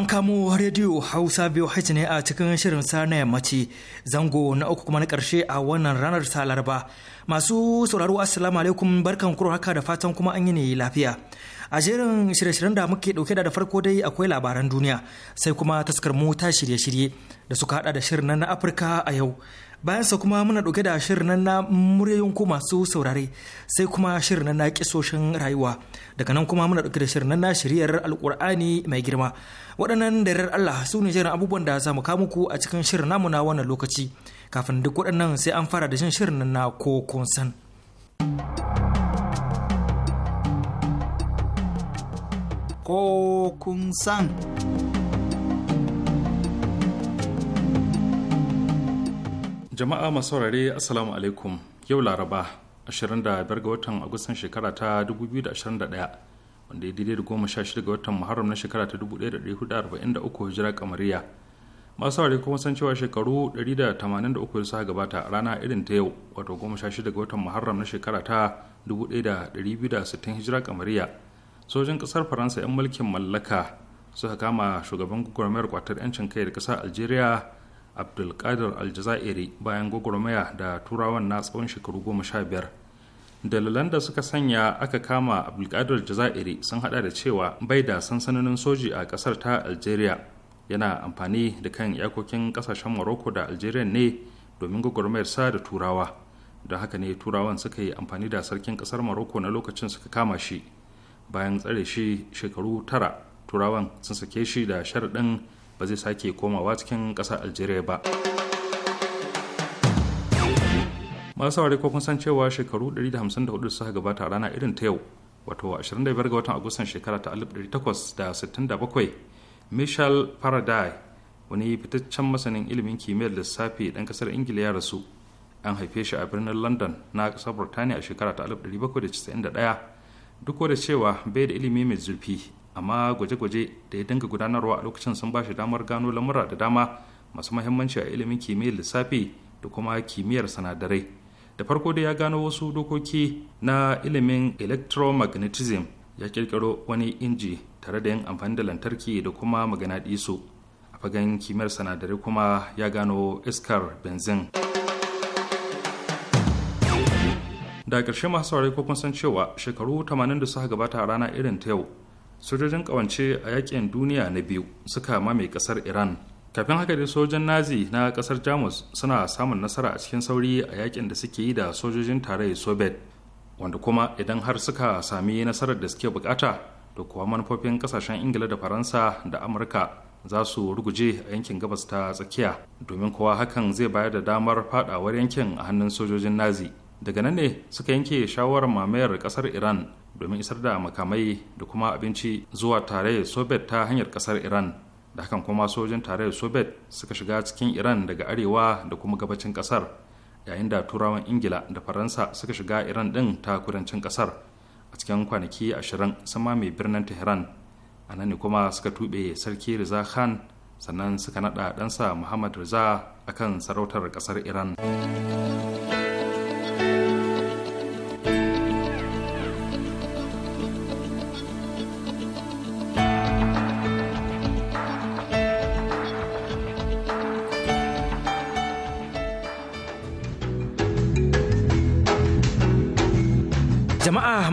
An kamo rediyo Hausa biyu hit ne a cikin shirin sa na yammaci zango na uku kuma na ƙarshe a wannan ranar ta laraba. Masu sauraro assalamu alaikum barkan kuro haka da fatan kuma an yi ne lafiya. A jerin shirye-shiryen da muke ɗauke da farko dai akwai labaran duniya sai kuma taskar mu ta shirye-shirye da suka hada da shirin na Afirka a yau. bayan sa kuma muna ɗauke da shirin nan na muryoyin ku masu saurare sai kuma shirin nan na kisoshin rayuwa daga nan kuma muna ɗauke da shirin nan na shiryar alkur'ani mai girma waɗannan darar Allah su ne jiran abubuwan da za mu kawo muku a cikin shirin namu na wannan lokaci kafin duk waɗannan sai an fara da shin shirin nan na ko kun Ko kun san. jama'a masu saurare assalamu alaikum yau laraba 25 ga watan agustan shekara ta 2021 wanda ya daidai da goma sha shida ga watan muharram na shekara ta 1443 hijira kamariya masu saurare kuma san cewa shekaru 183 da suka gabata a rana irin ta yau wato goma sha shida ga watan muharram na shekara ta 1260 hijira kamariya sojin kasar faransa 'yan mulkin mallaka suka kama shugaban gwamnatin kwatar 'yancin kai da kasar algeria abdulkadir aljazairi bayan gwagwarmaya da turawan na tsawon shekaru goma sha biyar dalilan da suka sanya aka kama abdulkadir jazairi sun hada da cewa bai da sansanonin soji a kasar ta algeria yana amfani da kan iyakokin kasashen morocco da algeria ne domin gwagwarmayar sa da turawa don haka ne turawan suka yi amfani da sarkin kasar morocco na lokacin suka kama shi bayan tsare shi shekaru tara turawan sun sake shi da sharaɗin ba zai sake komawa cikin ƙasar algeria ba masu saurari ko kun san cewa shekaru 154 suka gabata rana irin ta yau wato 25 ga watan agustan shekara ta 1867 michel faraday wani fitaccen masanin ilimin kimiyyar lissafi ɗan ƙasar ingila ya rasu an haife shi a birnin london na ƙasar burtaniya a shekara ta 1791 duk da cewa bai da ilimi mai zurfi amma gwaje-gwaje da ya dinga gudanarwa a lokacin sun ba shi damar gano lamura da dama masu mahimmanci a ilimin kimiyyar lissafi da kuma kimiyyar sinadarai da farko da ya gano wasu dokoki na ilimin electromagnetism ya kirkiro wani inji tare da yin amfani da lantarki da kuma ɗisu a fagen kimiyyar sinadarai kuma ya gano iskar benzin da ƙarshe masu saurari ko kun san cewa shekaru 80 da suka gabata a rana irin ta yau sojojin kawance a yakin duniya na biyu suka mame kasar iran kafin haka dai sojan nazi na kasar jamus suna samun nasara a cikin sauri a yakin da suke yi da sojojin tarayyar soviet wanda kuma idan har suka sami nasarar da suke bukata da kuwa manufofin kasashen ingila da faransa da amurka za su ruguje a yankin gabas ta tsakiya domin kowa hakan zai bayar da damar fadawar yankin a hannun sojojin nazi daga nan ne suka yanke shawarar mamayar kasar iran domin isar da makamai da kuma abinci zuwa tarayyar soviet ta hanyar kasar iran da hakan kuma sojin tarayyar soviet suka shiga cikin iran daga arewa da kuma gabacin kasar yayin da turawan ingila da faransa suka shiga iran din ta kudancin kasar a cikin kwanaki ashirin sama mai birnin tehran a nan ne kuma suka tuɓe sarki riza khan sannan suka naɗa ɗansa muhammad riza akan sarautar kasar iran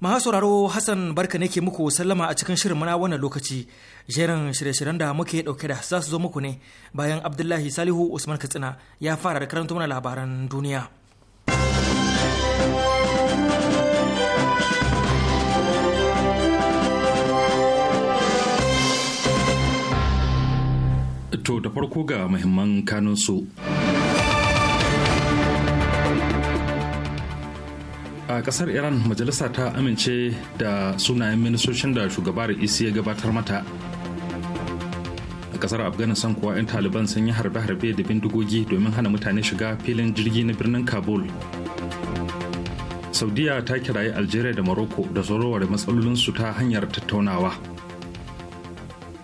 Maha sauraro Hassan barka ne ke muku sallama a cikin shirin mana wannan lokaci. Jerin shirye-shiryen da muke dauke da za su zo muku ne bayan Abdullahi Salihu Usman Katsina ya fara da karanta mana labaran duniya. To da farko ga muhimman kanunsu. su. a kasar iran majalisa ta amince da sunayen ministocin da shugabar isi ya gabatar mata a kasar afghanistan kuwa 'yan taliban sun yi harbe-harbe da bindigogi domin hana mutane shiga filin jirgi na birnin kabul saudiya ta kirayi algeria da morocco da tsorowar matsalolinsu ta hanyar tattaunawa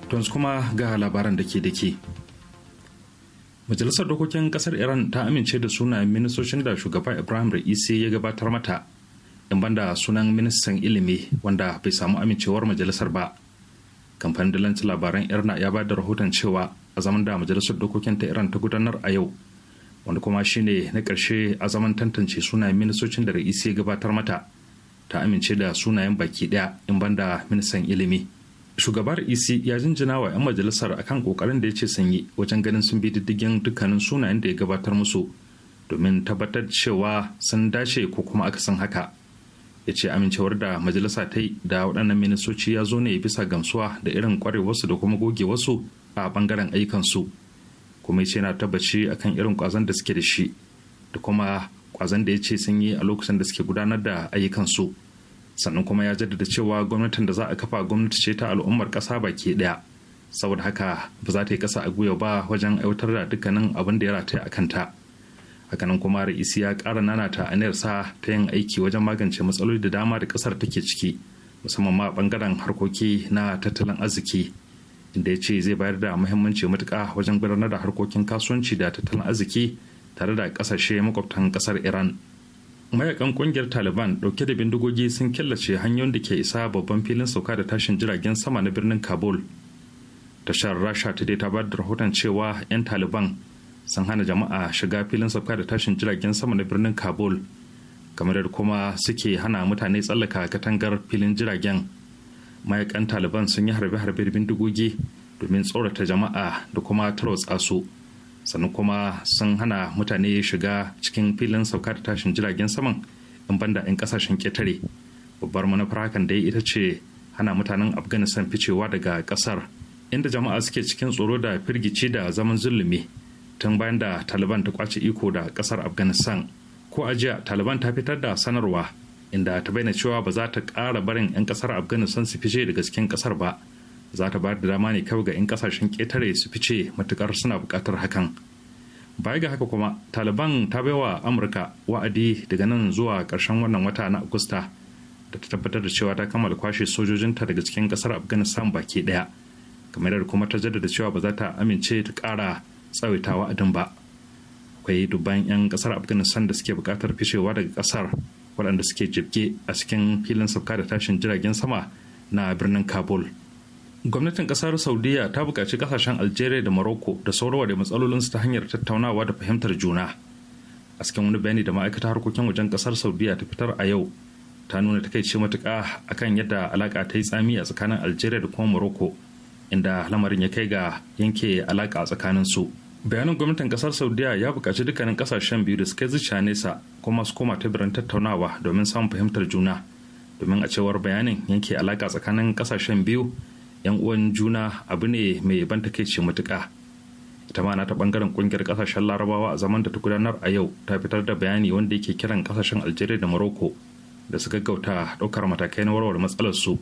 yanzu kuma ga labaran da ke da ke majalisar dokokin kasar iran ta amince da sunayen ministocin da shugaba ibrahim ra'isi ya gabatar mata in banda sunan ministan ilimi wanda bai samu amincewar majalisar ba kamfanin dalancin labaran irna ya ba da rahoton cewa a zaman da majalisar dokokin ta iran ta gudanar a yau wanda kuma shine na ƙarshe a zaman tantance sunayen ministocin da ra'isi ya gabatar mata ta amince da sunayen baki ɗaya in banda ministan ilimi shugabar ec ya jinjina wa 'yan majalisar akan kokarin da ya ce sanyi wajen ganin sun bi diddigin dukkanin sunayen da ya gabatar musu domin tabbatar cewa sun dace ko kuma aka san haka ya ce amincewar da majalisa ta yi da waɗannan ministoci ya zo ne bisa gamsuwa da irin kwarewarsu da kuma goge wasu a ɓangaren ayyukansu kuma ya ce na tabbaci kan irin ƙwazon da suke da shi da kuma ƙwazon da ya ce sun yi a lokacin da suke gudanar da ayyukansu sannan kuma ya jaddada cewa gwamnatin da za a kafa gwamnati ce ta al'ummar ƙasa baki ɗaya saboda haka ba za ta yi ƙasa a guya ba wajen aiwatar da dukkanin abin da ya rataya a kanta. hakanan kuma ra'isi ya ƙara nanata sa ta yin aiki wajen magance matsaloli da dama da ƙasar take ciki musamman ma a bangaren harkoki na tattalin arziki inda ya ce zai bayar da muhimmanci matuka wajen gudanar da harkokin kasuwanci da tattalin arziki tare da ƙasashe makwabtan ƙasar iran mayakan ƙungiyar taliban ɗauke da bindigogi sun killace hanyoyin da ke isa babban filin sauka da tashin jiragen sama na birnin kabul tashar rasha ta dai ta bayar da rahoton cewa 'yan taliban sun hana jama'a shiga filin sauka da tashin jiragen sama na birnin kabul kamar da kuma suke hana mutane tsallaka katangar filin jiragen mayakan taliban sun yi harbe-harbe da bindigogi domin tsorata jama'a da kuma tarotsa su sannan kuma sun hana mutane shiga cikin filin sauka da tashin jiragen saman in banda in kasashen ketare babbar manufar hakan dai ita ce hana mutanen afghanistan ficewa daga kasar inda jama'a suke cikin tsoro da firgici da zaman zulumi tun bayan da taliban ta kwace iko da kasar afghanistan ko a jiya taliban ta fitar da sanarwa inda ta bayyana cewa ba za ta kara barin 'yan kasar afghanistan su fice daga cikin kasar ba za ta bayar da dama ne kawai ga 'yan kasashen ketare su fice matukar suna bukatar hakan baya ga haka kuma taliban ta bai wa amurka wa'adi daga nan zuwa ƙarshen wannan wata na agusta da ta tabbatar da cewa ta kammala kwashe sojojinta daga cikin kasar afghanistan baki ɗaya kamar da kuma ta jaddada cewa ba za ta amince ta kara tsawaita wa'adin ba akwai dubban 'yan kasar afghanistan da suke bukatar fishewa daga kasar waɗanda suke jibge a cikin filin sauka da tashin jiragen sama na birnin kabul gwamnatin kasar saudiya ta buƙaci kasashen algeria da morocco da saurawa da matsalolinsu ta hanyar tattaunawa da fahimtar juna a cikin wani bayani da ma'aikatar harkokin wajen kasar saudiya ta fitar a yau ta nuna ta ce matuƙa akan yadda alaƙa ta yi tsami a tsakanin algeria da kuma morocco inda lamarin ya kai ga yanke alaƙa tsakanin su bayanin gwamnatin kasar saudiya ya buƙaci dukkanin kasashen biyu da suka zuciya nesa kuma su koma teburin tattaunawa domin samun fahimtar juna domin a cewar bayanin yanke alaka tsakanin kasashen biyu yan uwan juna abu ne mai ban takeici matuka ita ma na ta bangaren kungiyar kasashen larabawa a zaman da ta gudanar a yau ta fitar da bayani wanda yake kiran kasashen algeria da morocco da su gaggauta ɗaukar matakai na warware matsalar su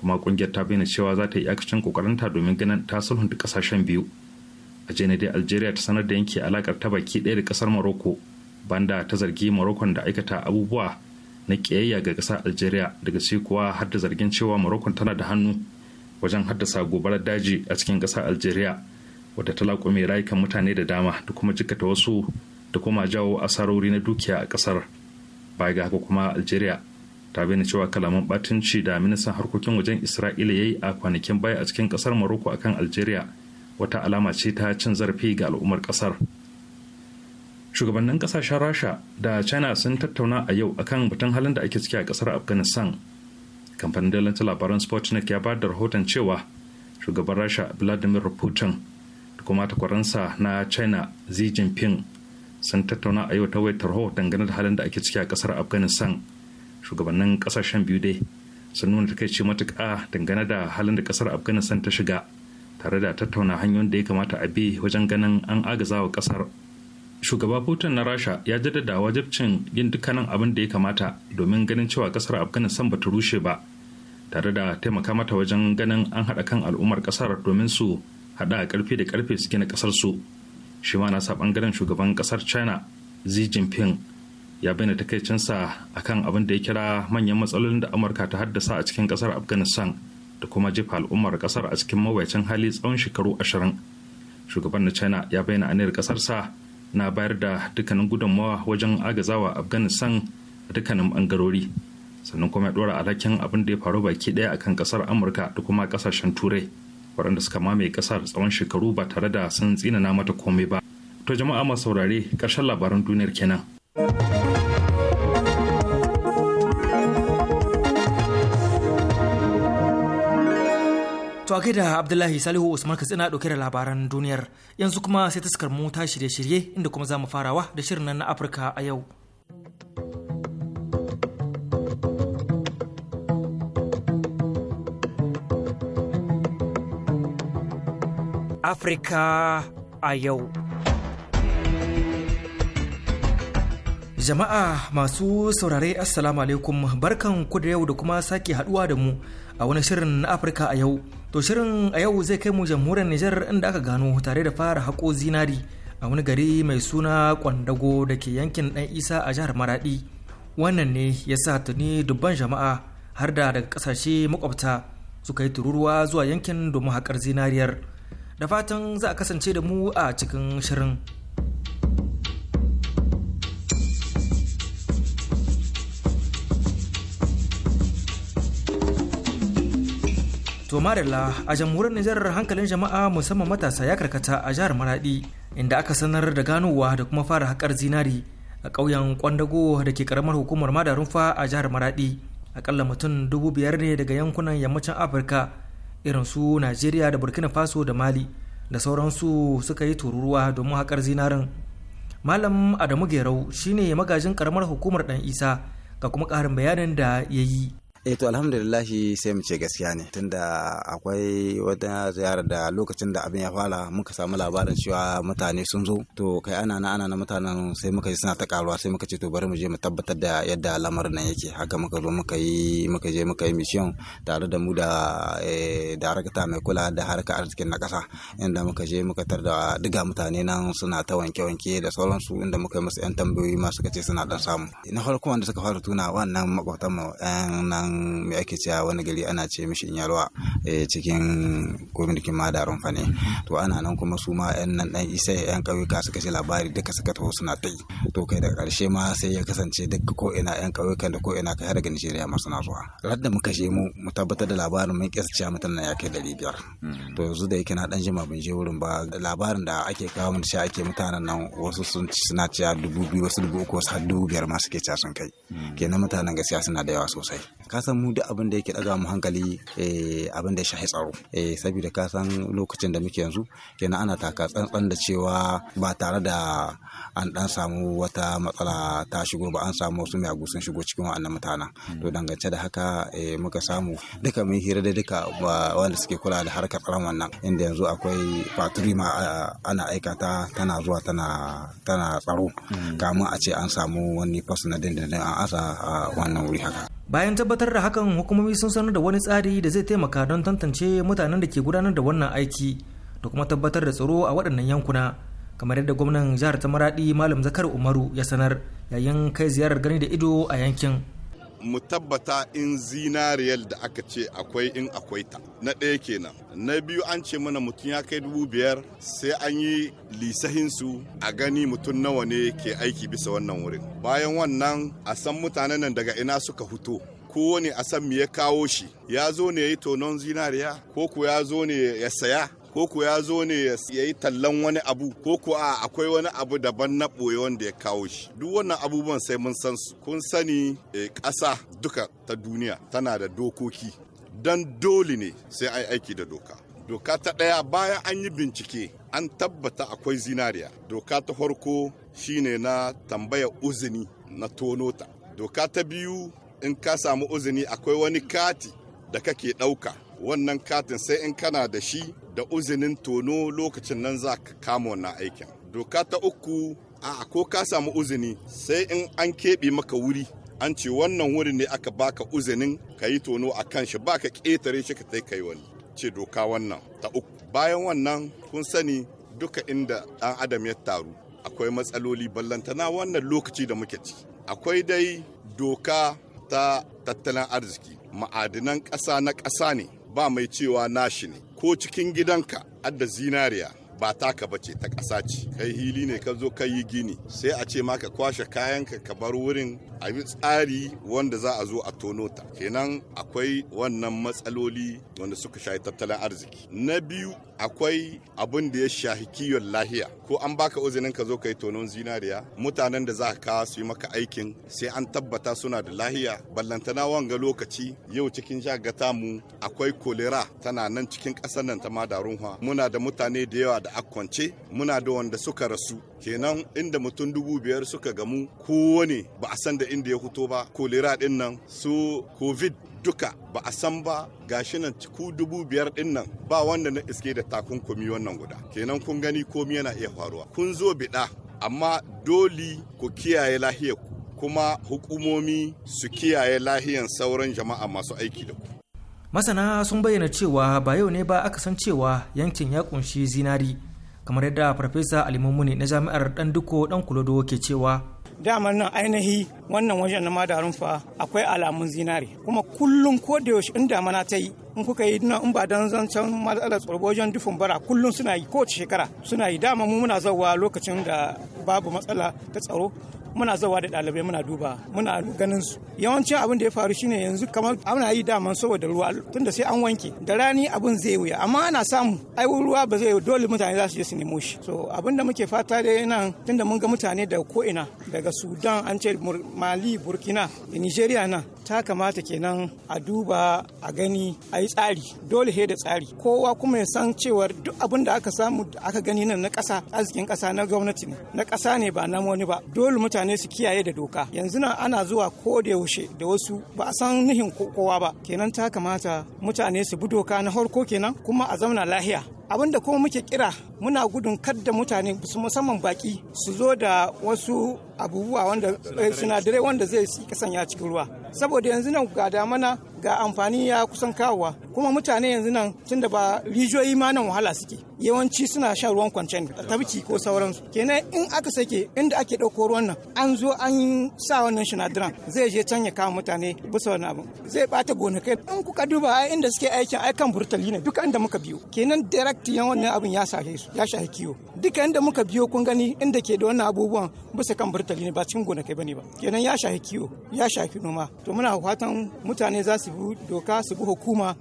kuma kungiyar ta bayyana cewa za ta yi yakacin kokarinta domin ganin ta sulhunta kasashen biyu a janar dai algeria ta sanar da yanke alakar ta baki ɗaya da ƙasar morocco banda ta zargi morocco da aikata abubuwa na ƙiyayya ga ƙasar algeria daga sai kuwa har da zargin cewa morocco tana da hannu wajen haddasa gobarar daji a cikin ƙasar algeria wadda ta laƙume rayukan mutane da dama da kuma jikata wasu da kuma jawo asarori na dukiya a ƙasar baya ga haka kuma algeria ta bayyana cewa kalaman batunci da ministan harkokin wajen isra'ila ya yi a kwanakin baya a cikin ƙasar morocco akan algeria wata alama ce ta cin zarafi ga al'ummar kasar shugabannin kasashen rasha da china sun tattauna a yau akan batun halin da ake ciki a kasar afghanistan kamfanin dalancin labaran sputnik ya ba da rahoton cewa shugaban rasha vladimir putin da kuma takwaransa na china xi jinping sun tattauna a yau ta wayar tarho dangane da halin da ake ciki a kasar afghanistan shugabannin kasashen biyu dai sun nuna takaici matuƙa dangane da halin da kasar afghanistan ta shiga tare da tattauna hanyoyin da ya kamata a bi wajen ganin an agaza wa kasar shugaba putin na rasha ya jaddada wajibcin yin dukkanin abin da ya kamata domin ganin cewa kasar afghanistan ba ta rushe ba tare da taimaka mata wajen ganin an haɗa kan al'ummar kasar domin su haɗa karfe da karfe su gina kasar su shi ma sa bangaren shugaban ƙasar china xi jinping ya bayyana takaicinsa akan abin da ya kira manyan matsalolin da amurka ta haddasa a cikin ƙasar afghanistan da kuma jefa al'ummar kasar a cikin mawuyacin hali tsawon shekaru ashirin shugaban na china ya bayyana aniyar kasarsa na bayar da dukkanin gudunmawa wajen agazawa afghanistan a dukkanin bangarori sannan kuma ya dora alhakin abin da ya faru baki daya akan kasar amurka da kuma kasashen turai waɗanda suka mamaye kasar tsawon shekaru ba tare da sun tsinana mata komai ba to jama'a masu saurare ƙarshen labaran duniyar kenan. To a da Abdullahi Salihu Usman Katsina ɗauke da labaran duniyar yanzu kuma sai ta mu ta shirye-shirye inda kuma za mu farawa da shirin nan na Afirka a yau. Afirka a yau. Jama'a masu saurare Assalamu alaikum barkan ku da yau da kuma sake haduwa da mu a wani shirin na Afirka a yau. To shirin a yau zai kai mu jamhuriyar Nijar inda aka gano tare da fara haƙo zinari a wani gari mai suna Kwandago da ke yankin Ɗan Isa a jihar Maradi. Wannan ne ya sa tuni dubban jama'a har da daga kasashe makwabta suka yi tururuwa zuwa yankin domin haƙar zinariyar. Da fatan za a kasance da mu a cikin shirin. To Marilla a jamhuriyar Nijar hankalin jama'a musamman matasa ya karkata a jihar Maradi inda aka sanar da ganowa da kuma fara haƙar zinari a ƙauyen Kwandago da ke karamar hukumar Madarunfa a jihar Maradi. Akalla mutum dubu biyar ne daga yankunan yammacin Afirka irin su Najeriya da Burkina Faso da Mali da sauransu suka yi tururuwa domin haƙar zinarin. Malam Adamu Gerau shine magajin karamar hukumar Dan Isa ga kuma ƙarin bayanin da ya yi. eh to alhamdulillahi sai mu ce gaskiya ne tunda akwai wata ziyarar da lokacin da abin ya fara muka samu labarin cewa mutane sun zo to kai ana na ana na mutanen sai muka ji suna ta karuwa sai muka ce to bari mu je mu tabbatar da yadda lamarin nan yake haka muka zo muka yi muka je muka yi mission tare da mu da eh, darakta mai kula da harkar arzikin na kasa inda muka je muka tar da diga mutane nan suna ta wanke wanke da sauransu inda muka yi musu yan tambayoyi ma suka ce suna dan samu na farko wanda suka fara tuna wannan makwatan mu nan wannan me ake cewa wani gari ana ce mishi yarwa eh, cikin kwamitin madarun fa ne to ana nan kuma su ma yan nan dan isa yan ƙauyuka suka ji labari duka suka taho suna tai to kai daga karshe ma sai ya kasance duk ko ina yan ƙauyukan da ko ina kai har daga Nijeriya ma suna zuwa har da muka je mu mu tabbatar da labarin mun kisa cewa mutan nan ya kai dari biyar mm. to yanzu da yake na dan jima ban je wurin ba labarin da ake kawo mun sha ake mutanen nan wasu sun suna cewa dubu biyu wasu dubu uku wasu har dubu biyar ma suke cewa sun kai mm. kenan mutanen gaskiya suna da yawa sosai kasan san mu duk abin da yake daga mu hankali eh, abin da ya shahi tsaro eh, saboda kasan lokacin da muke yanzu kenan ana taka tsantsan da cewa ba tare da an dan samu wata matsala ta shigo ba an samu wasu miyagu sun shigo cikin wa'annan mutanen to dangance da haka eh, muka samu duka mun hira da duka wanda suke kula da harkar tsaron wannan inda yanzu akwai faturi ma ana aika ta tana zuwa tana tana tsaro hmm. kamun a ce an samu wani fas na dindindin an asa wannan wuri haka bayan tabbatar da hakan hukumomi sun sanar da wani tsari da zai taimaka don tantance mutanen da ke gudanar da wannan aiki da kuma tabbatar da tsaro a waɗannan yankuna kamar yadda gwamnan jihar ta maradi malam zakar umaru ya sanar yayin kai ziyarar gani da ido a yankin mu tabbata in zinariyar da aka ce akwai in akwai ta na ɗaya kenan na biyu an ce mana mutum ya kai dubu biyar sai an yi lisahinsu a gani mutum nawa ne ke aiki bisa wannan wurin bayan wannan a san mutanen nan daga ina suka fito kowane a san me ya kawo shi ya zo ne ya yi tonon zinariya ko ku ya zo ne ya saya ko ku ya zo ne ya yi tallan wani abu ko ku a akwai wani abu daban na ɓoye wanda ya kawo shi duk wannan abubuwan sai mun san su kun sani eh, ƙasa duka ta duniya tana da dokoki don dole ne sai an aiki da doka doka ta ɗaya bayan an yi bincike an tabbata akwai zinariya doka ta farko shine na tambaya uzini na tonota doka ta biyu in ka samu uzini akwai wani kati da kake ɗauka wannan katin sai in kana da shi da uzinin tono lokacin nan za ka kama wannan aikin doka ta uku a ko ka samu uzini sai in an keɓe maka wuri an ce wannan wuri ne aka baka uzinin ka yi tono a kan shi baka ƙetare shi ka tai kai wani ce doka wannan ta uku bayan wannan kun sani duka inda ɗan adam ya taru akwai matsaloli ballantana wannan lokaci da muke ci akwai dai doka ta tattalin arziki ma'adinan ƙasa na ƙasa ne ba mai cewa nashi ne ko cikin gidanka adda zinariya ba taka ce ta ƙasa ce kai hili ne ka zo ka yi gini sai a ce ma ka kwashe kayanka ka bar wurin a yi tsari wanda za a zo a tono ta kenan akwai wannan matsaloli wanda suka shayi tattalin arziki na biyu akwai abin da ya shahi kiwon lahiya ko an baka uzinin ka zo ka yi tonon zinariya mutanen da za ka kawo su yi maka aikin sai an tabbata suna da lahiya ballantana wanga lokaci yau cikin shagata mu akwai kolera tana nan cikin ƙasar nan ta madarunwa muna da mutane da yawa da akwance muna da wanda suka rasu kenan inda mutum dubu biyar suka gamu kowane ba a san da inda ya fito ba kolera din nan su covid duka ba a san ba gashi nan ciku dubu biyar din nan ba wanda na iske da takunkumi wannan guda kenan kun gani komi yana iya faruwa kun zo biɗa amma doli ku kiyaye lahiyar kuma hukumomi su kiyaye lahiyan sauran jama'a masu aiki da ku masana sun bayyana cewa ba yau ne ba aka san cewa yankin ya kunshi zinari kamar yadda farfesa alimumuni na jami'ar dan duko dan kulodo ke cewa damar nan ainihi wannan wajen na madarun fa akwai alamun zinari kuma kullum ko da yaushe in damana ta yi in kuka yi nan in ba dan zancen matsalar tsorbo wajen dufin bara kullum suna yi kowace shekara suna yi dama mu muna zawa lokacin da babu matsala ta tsaro muna zawa da ɗalibai muna duba muna ganin su yawancin abin da ya faru shine yanzu kamar ana yi daman saboda ruwa tunda sai an wanke da rani abin zai wuya amma ana samu ai ruwa ba zai dole mutane za su je su nemo shi so abin da muke fata da nan tunda mun ga mutane da ko ina daga Sudan an ce Mali Burkina da Nigeria nan ta kamata kenan a duba a gani a yi tsari dole he da tsari kowa kuma ya san cewa duk abin da aka samu aka gani nan na ƙasa arzikin ƙasa na gwamnati ne na ƙasa ne ba na wani ba dole mutane su kiyaye da doka yanzu nan ana zuwa ko da yaushe da wasu ba a san nihin kowa ba kenan ta kamata mutane su bi doka na harko kenan kuma a zauna lahiya da kuma muke kira muna gudun kadda mutane musamman baki su zo da wasu abubuwa wanda eh, sinadarai wanda zai kasanya cikin ruwa saboda yanzu nan ga damana ga amfani ya kusan kawowa kuma mutane yanzu nan tunda ba rijiyoyi ma nan wahala suke yawanci suna shan ruwan kwancen tabki ko sauransu kenan in aka sake inda ake ɗauko ruwan nan an zo an sa wannan sinadaran zai je can ya kama mutane bisa wani abu zai bata gonakai in kuka duba a inda suke aikin aikan kan burtali ne duka inda muka biyo kenan direct yan wannan abin ya shahe su ya shahi kiwo duka inda muka biyo kun gani inda ke da wannan abubuwan bisa kan burtali ne ba cikin gonakai bane ba kenan ya shahi kiwo ya shafi noma to muna fatan mutane za su bi doka su bi hukuma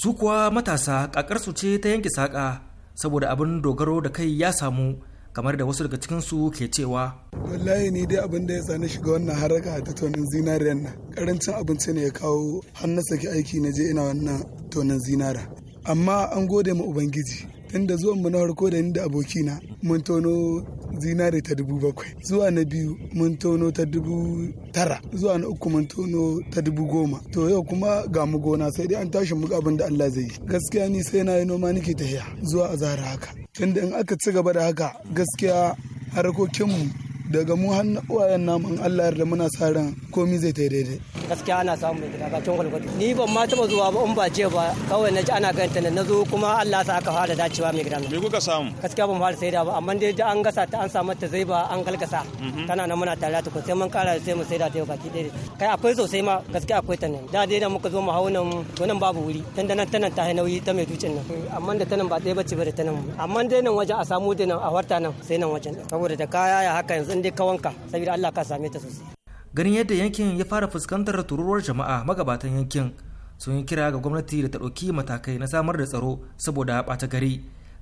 su kuwa matasa kakar su ce ta yanke saƙa saboda abin dogaro da kai ya samu kamar da wasu daga cikinsu ke cewa wallahi ni dai abin da ya tsani shiga wannan haraka a tattaunin zinariyar nan karancin abinci ne ya kawo hannun saki aiki na je ina wannan tonin zinara amma an gode ma ubangiji tunda zuwan mu na farko da ni da abokina mun tono zinare ta dubu bakwai zuwa na biyu mun tono ta dubu tara zuwa na uku mun tono ta dubu goma to yau kuma ga mu gona sai dai an tashi muka abin da Allah zai yi gaskiya ni sai na yi noma nake tafiya zuwa a zara haka tunda in aka ci gaba da haka gaskiya harkokinmu daga mu har uwayen namu in Allah yarda muna sa ran komai zai ta daidai gaskiya ana samu mai gida bakin gwalgwado ni ban ma taba zuwa ba in ba je ba kawai na ji ana ganta nan na zo kuma Allah sa aka fara dacewa mai gida me kuka samu gaskiya ban fara saida ba amma dai an gasa ta an samu ta zai ba an galgasa mhm. tana nan muna tare ta ko sai mun kara sai mu saida ta yau baki daidai kai akwai sosai ma gaskiya akwai ta nan da dai da muka zo mu hau nan to nan babu wuri dan da nan ta nan ta nauyi ta mai dutsen nan amma da ta nan ba ɗaya bace ba da ta nan amma dai nan waje a samu da nan a warta nan sai nan wajen saboda da kaya ya haka yanzu in dai ka wanka saboda Allah ka same ta sosai ganin yadda yankin ya fara fuskantar tururuwar jama'a magabatan yankin sun yi kira ga gwamnati da ta ɗauki matakai na samar da tsaro saboda ɓata gari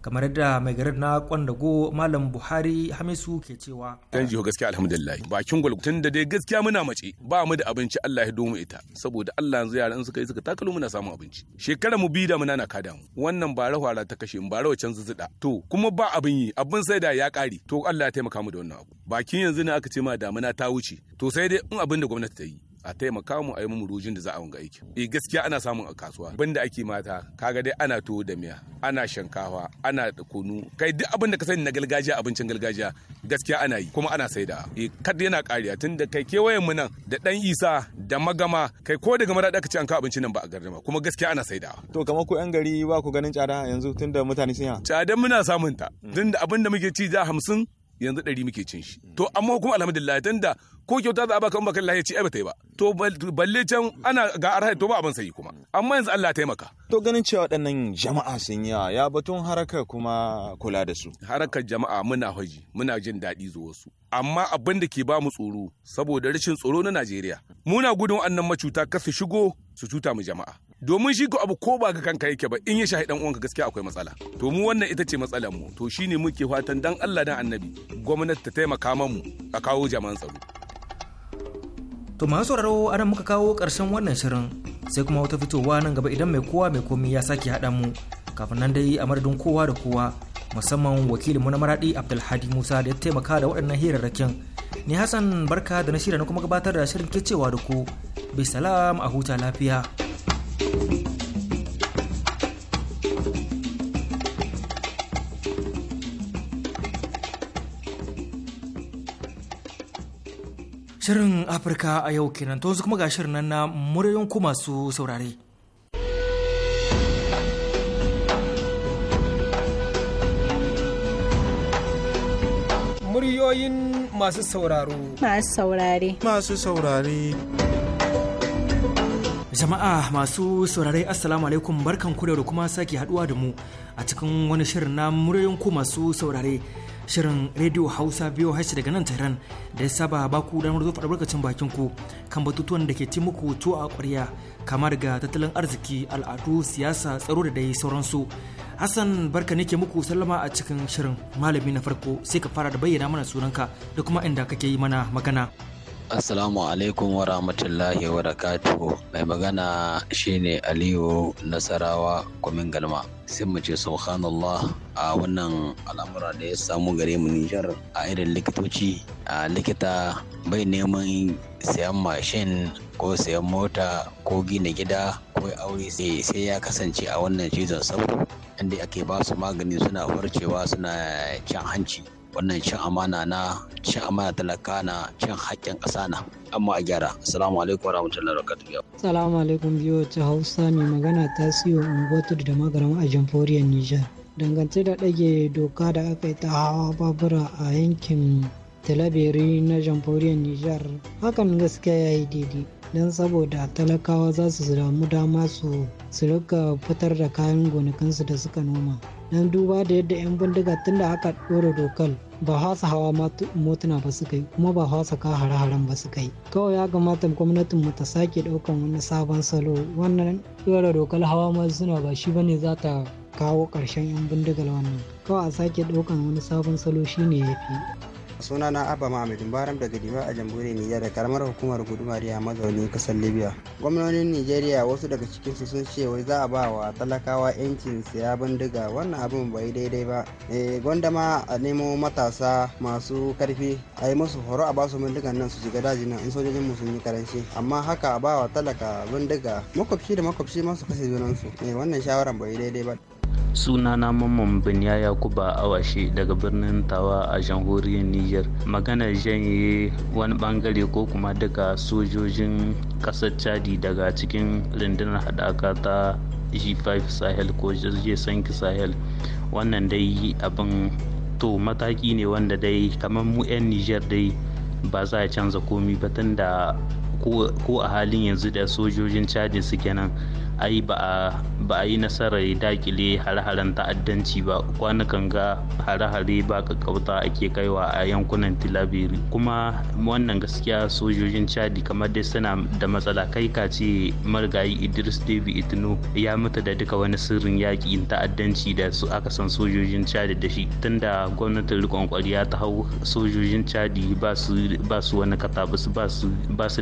kamar da mai garin na kwandago malam buhari hamisu ke cewa dan jiho gaskiya alhamdulillah bakin tun da dai gaskiya muna mace ba mu da abinci Allah ya domu ita saboda Allah yanzu yaran suka yi suka takalo muna samun abinci shekara mu bi da muna na kada mu wannan bara hwara ta kashe mu bara wacan zuzuda to kuma ba abin yi abin sai da ya kare to Allah ya taimaka mu da wannan abu bakin yanzu ne aka ce ma damuna ta wuce to sai dai in abin da gwamnati ta yi a taimaka mu a yi mu rujin da za a wanga aiki e eh, gaskiya ana samun a kasuwa banda ake mata kaga dai ana tuwo da miya ana shankawa ana kunu kai duk abin da ka sani na gargajiya abincin gargajiya gaskiya ana yi kuma ana saida e kad yana kariya tunda kai kewayen mu nan da dan isa da magama kai ko daga mara da ka ci an ka abincin nan ba a gardama kuma gaskiya ana saida to kamar ku yan gari ba ku ganin tsada yanzu tunda mutane sun ya tsada muna samun ta mm. tunda abin da muke ci da hamsin yanzu ɗari muke cin shi mm. to amma kuma alhamdulillah tunda ko kyauta za a baka in baka lahiya ba ta yi ba to balle can ana ga arha to ba abin sayi kuma amma yanzu Allah taimaka to ganin cewa waɗannan jama'a sun yi ya batun haraka kuma kula da su harakar jama'a muna haji muna jin daɗi zuwa su amma abin da ke ba mu tsoro saboda rashin tsoro na Najeriya muna gudun annan macuta ka su shigo su cuta mu jama'a domin shi ko abu ko ba ga kanka yake ba in ya shahi dan uwanka gaskiya akwai matsala to mu wannan ita ce matsalar mu to shine muke fatan dan Allah dan Annabi gwamnati ta taimaka mamu a kawo jama'an tsaro To masu sauraro anan muka kawo ƙarshen wannan shirin sai kuma wata fitowa nan gaba idan mai kowa mai komi ya sake haɗa mu kafin nan dai a madadin kowa da kowa musamman wakilinmu na maraɗi Abdulhadi Musa da ya taimaka da waɗannan hirarrakin. Ni Hassan barka da na shirya na kuma gabatar da shirin ke cewa da ku. Bisalam a huta lafiya. thank you Shirin Afirka a yau kenan to yanzu kuma ga shirin nan na muryoyin ku masu saurare. Muryoyin masu sauraro. Masu saurare. Masu saurare. Jama'a masu saurare Assalamu alaikum barkan ku da kuma sake haduwa da mu a cikin wani shirin na muryoyin ku masu saurare. shirin rediyo hausa biyu hashi daga nan tehran da ya saba baku damar zo albarkacin bakin ku kan batutuwan da ke ci muku tuwo a ƙwarya kamar ga tattalin arziki al'adu siyasa tsaro da dai sauransu hassan barka ne ke muku sallama a cikin shirin malami na farko sai ka fara da bayyana mana sunanka da kuma inda kake yi mana magana Assalamu alaikum wa rahmatullahi wa barakatuhu mai magana shine Aliyu Nasarawa Kwamin Galma. Sai mu ce subhanallah a wannan al'amura da ya samu gare mu Nijar a irin likitoci a likita bai neman sayan mashin ko sayan mota ko gina gida ko aure sai ya kasance a wannan cizon sauro inda ake ba su magani suna farcewa suna cin hanci wannan cin amana na cin amana talaka na cin haƙƙin ƙasa na amma a gyara assalamu alaikum wa rahmatullahi wa barakatuh assalamu alaikum biyo ta hausa mai magana ta siyo unguwatu da magaran a jamhuriyar nijar dangance da ɗage doka da aka yi ta hawa babura a yankin talabiri na jamhuriyar nijar hakan gaskiya ya yi daidai don saboda talakawa za su samu dama su rika fitar da kayan gonakinsu da suka noma don duba da yadda 'yan bindiga tun da aka ɗora dokan ba hasa hawa motuna ba suka yi kuma ba hasa ka hare-haren ba suka yi kawai ya kamata gwamnatin mu ta sake ɗaukan wani sabon salo wannan ɗora dokar hawa mazuna ba shi bane za ta kawo ƙarshen 'yan bindigar wannan kawai a sake ɗaukan wani sabon salo shine ya fi suna na abba mahamudin baram daga dima a jamhuriyar nijar da karamar hukumar gudumariya mazauni kasar libya gwamnonin nijeriya wasu daga cikin su sun ce wai za a ba wa talakawa yancin siya bindiga wannan abin bai daidai ba eh, gwanda ma a nemo matasa masu karfi a yi musu horo a basu bindigan nan su shiga daji nan in sojojin mu sun yi karanci amma haka a ba wa talaka bindiga makwabci da makwabci masu kashe junansu eh, wannan shawaran bai daidai ba sunana mamman binya yakuba awashe daga birnin tawa a jamhuriyar niger magana janye wani bangare ko kuma daga sojojin kasar chadi daga cikin rundunar haɗaka ta g5 sahel ko jirgin sanki sahel wannan dai abin to mataki ne wanda dai kamar mu 'yan niger dai ba za a canza komi ba tun da ko a halin yanzu da sojojin chadi suke nan ai ba a yi nasarar dakile hare-haren ta'addanci ba kwanukan ga hare-hare ba kakkauta ake kaiwa a yankunan tilabiri kuma wannan gaskiya sojojin chadi kamar dai suna da matsala kai ka ce marigayi idris david itno ya mutu da duka wani sirrin yaƙi ta'addanci da su aka san sojojin chadi da shi tun da gwamnatin rikon kwariya ta hau sojojin chadi ba su wani katabus ba su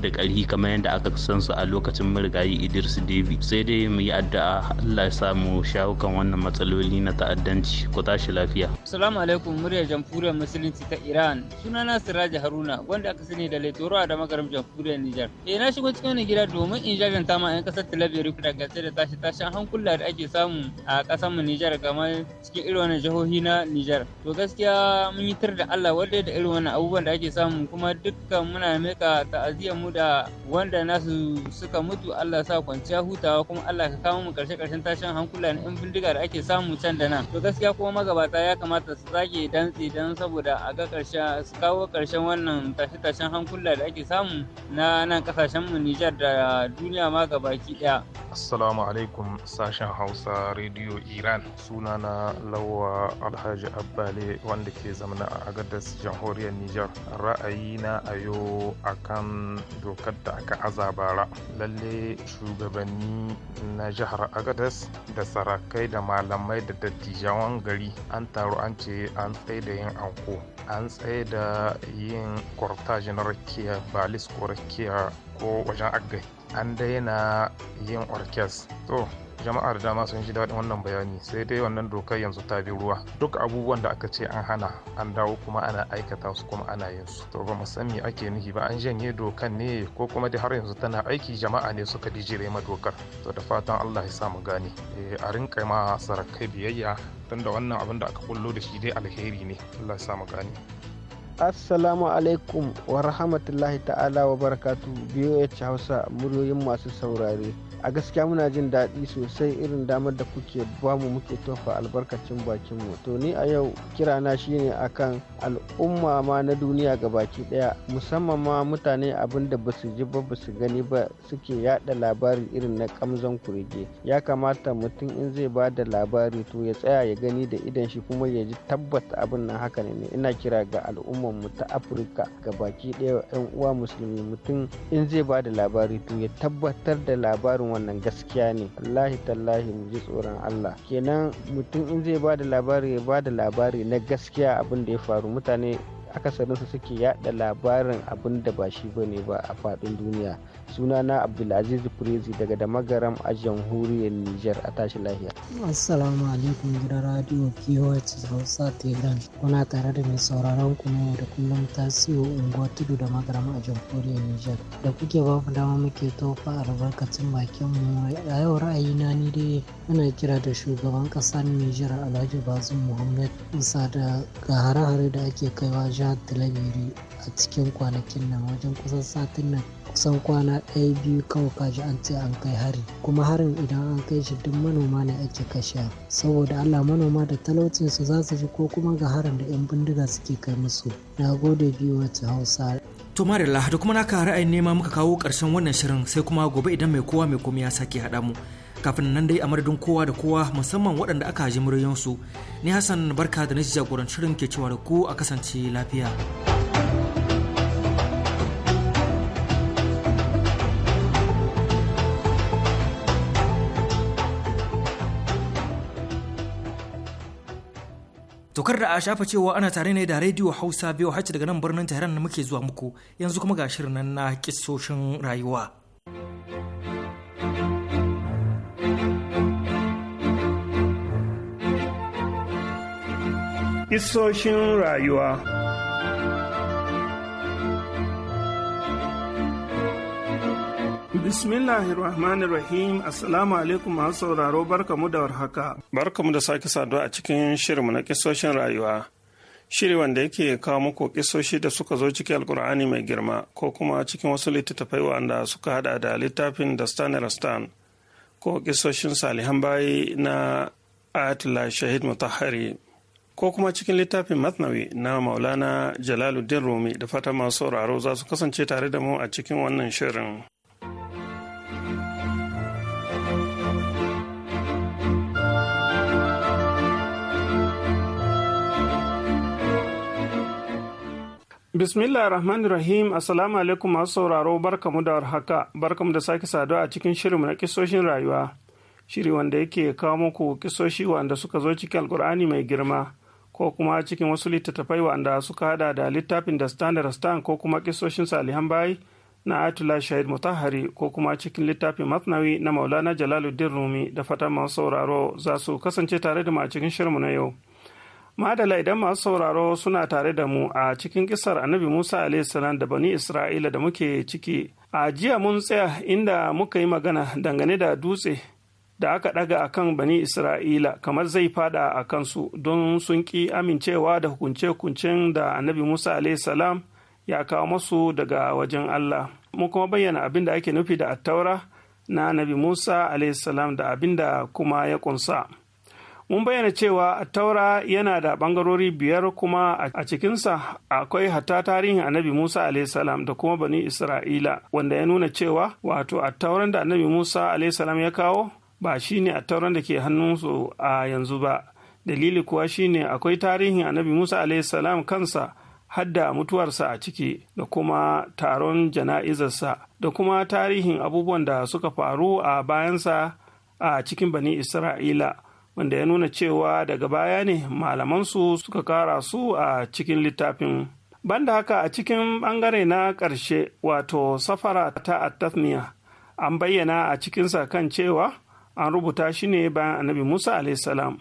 da ƙarfi kamar yadda aka san su a lokacin marigayi idris david sai dai mu yi addu'a Allah ya samu shawo kan wannan matsaloli na ta'addanci ku tashi lafiya. Assalamu alaikum muryar jamhuriyar musulunci ta Iran sunana Siraji Haruna wanda aka sani da Leto da magaram jamhuriyar Nijar. Eh na shigo cikin wani gida domin in jajanta ma 'yan kasar Talabiyar ku gaske da tashi tashin hankula da ake samu a kasar mu Nijar kamar cikin irin wannan jihohi na Nijar. To gaskiya mun yi tar da Allah wadda da irin wannan abubuwan da ake samu kuma dukkan muna mika ta'aziyar mu da wanda nasu suka mutu Allah sa kwanciya hutawa kuma mu Allah ka kawo mu karshe karshen tashin hankula na yan bindiga da ake samu can da nan to gaskiya kuma magabata ya kamata su zage dantsi dan saboda a ga karshe su kawo karshen wannan tashe-tashen hankula da ake samu na nan kasashen mu Nijar da duniya ma gabaki daya Assalamu alaikum sashen Hausa Radio Iran sunana Lawa Alhaji Abbale wanda ke zamana a Agadez Jamhuriyar Nijar ra'ayina a yau akan dokar da aka azabara lalle shugabanni na jihar agadas da sarakai da malamai da dattijawan gari an taru an ce an tsaye da yin anko an tsaye da yin kwartaji na rakiya balis ko rakiya ko wajen agai an daina yin orkes to jama'a da dama sun ji daɗin wannan bayani sai dai wannan dokar yanzu ta bi ruwa duk abubuwan da aka ce an hana an dawo kuma ana aikata su kuma ana yin su to ba mu san me ake nufi ba an janye dokan ne ko kuma da har yanzu tana aiki jama'a ne suka bijire ma dokar to da fatan Allah ya sa mu gane eh, a rinka ma sarakai biyayya tun da wannan abin da aka kullo da shi dai alheri ne Allah ya sa mu gane assalamu alaikum wa rahmatullahi ta'ala wa barakatu biyo hausa muryoyin masu saurare a gaskiya muna jin daɗi sosai irin damar da kuke bamu muke tofa albarkacin bakinmu to ni a yau kira na shine akan al'umma ma na duniya ga baki ɗaya musamman ma mutane abin da ba su ji ba ba su gani ba suke yada labari irin na kamzon kurege ya kamata mutum in zai ba da labari to ya tsaya ya gani da idan shi kuma ya ji tabbata abin nan haka ne ina kira ga al'ummar mu ta afirka ga baki ɗaya yan uwa musulmi mutum in zai ba da labari to ya tabbatar da labarin akan wannan gaskiya ne wallahi tallahi mu ji tsoron Allah kenan mutum in zai ba da labari ya ba da labari na gaskiya abin da ya faru mutane akasarinsu suke yada labarin abin da ba shi ba ne ba a faɗin duniya sunana abdulaziz prezi daga damagaram a jamhuriyar niger a tashi lahiya assalamu alaikum gidan radio poh hausa tehran kuna tare da mai sauraron ku na da kullum siyo unguwa tudu da magaram a jamhuriyar niger da kuke ba mu dama muke tofa albarkacin bakin mu a yau ra'ayi na ni dai ana kira da shugaban na Nijar Alhaji Bazum Muhammad musa da ga hare-hare da ake kaiwa jihar Talabiri a cikin kwanakin nan wajen kusan satin nan kusan kwana ɗaya biyu kawai kaji an ce an kai hari kuma harin idan an kai shi duk manoma ne ake kashe saboda allah manoma da talaucin su za su ji ko kuma ga harin da yan bindiga suke kai musu na gode biyu wacce hausa to marilla da kuma naka ra'ayin nema muka kawo ƙarshen wannan shirin sai kuma gobe idan mai kowa mai komai ya sake haɗa mu kafin nan dai a madadin kowa da kowa musamman waɗanda aka haji muryansu ni hassan barka da na jagorancin ke cewa da ku a kasance lafiya. Tokar da a shafa cewa ana tare ne da rediyo Hausa biyu hacci daga nan birnin Tehran muke zuwa muku yanzu kuma ga shirin na kisoshin rayuwa. Isoshin rayuwa Bismillahirrahmanirrahim Assalamu alaikum masu sauraro barkamu da warhaka. Barkamu da sake saduwa a cikin shirinmu na kisoshin rayuwa. Shiri wanda yake kawo muku kisoshi da suka zo cikin alkur'ani mai girma ko kuma cikin wasu littattafai wanda suka hada da littafin da Stan Stan ko kisoshin salihan bayi na Atla Shahid Mutahari. ko kuma cikin littafin matnawi na maulana jalaluddin rumi da fata masu sauraro za su kasance tare da mu a cikin wannan shirin Bismillah Rahman Rahim Assalamu alaikum masu sauraro barkamu da warhaka barkamu da sake saduwa a cikin shirinmu na kisoshin rayuwa shiri wanda yake kawo muku kisoshi wanda suka zo cikin alkur'ani mai girma ko kuma cikin wasu littattafai wanda suka hada da littafin da standard stan ko kuma kisoshin salihan bayi na atula shahid mutahari ko kuma cikin littafin matnawi na maulana jalaluddin rumi da fatan masu sauraro za su kasance tare da mu a cikin shirmu na yau madala idan masu sauraro suna tare da mu a cikin kisar annabi musa salam da bani isra'ila da muke ciki a jiya mun tsaya inda muka yi magana dangane da dutse da aka ɗaga a kan bani isra'ila kamar zai fada a kansu don sun ƙi amincewa da hukunce-hukuncen da annabi musa salam ya kawo masu daga wajen allah mun kuma bayyana abin da ake nufi da attaura na annabi musa salam da abin da kuma ya ƙunsa mun bayyana cewa attaura yana da ɓangarori biyar kuma a cikinsa akwai hatta tarihin annabi musa salam da kuma bani isra'ila wanda ya nuna cewa wato attauran da annabi musa salam ya kawo ba shi ne a tauran da ke hannunsu a yanzu ba dalili kuwa shi ne akwai tarihin annabi musa salam kansa hadda mutuwarsa a ciki da kuma taron jana'izarsa da kuma tarihin abubuwan da suka faru a bayansa a cikin bani isra'ila wanda ya nuna cewa daga baya ne malamansu suka kara su a cikin littafin banda haka a cikin bangare na ƙarshe wato safara ta attafniya an bayyana a cikinsa kan cewa an rubuta shi ne bayan annabi musa salam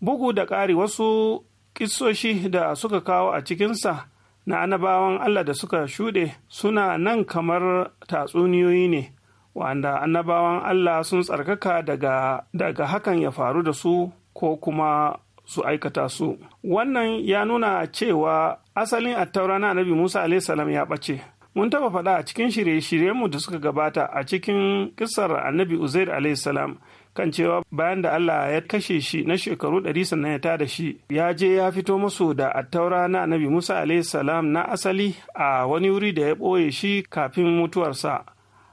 bugu da ƙari wasu ƙisoshi da suka kawo a cikinsa na annabawan allah da suka shuɗe suna nan kamar tatsuniyoyi ne wanda annabawan allah sun tsarkaka daga, daga hakan ya faru da su ko kuma su aikata su wannan ya nuna cewa asalin attaura na annabi musa salam ya ɓace mun taɓa faɗa a cikin shirye-shiryenmu da suka gabata a cikin kisar annabi uzair salam kan cewa bayan da Allah ya kashe shi na shekaru ɗari sannan ya tada shi ya je ya fito musu da attaura na annabi Musa salam na asali a wani wuri da ya ɓoye shi kafin mutuwarsa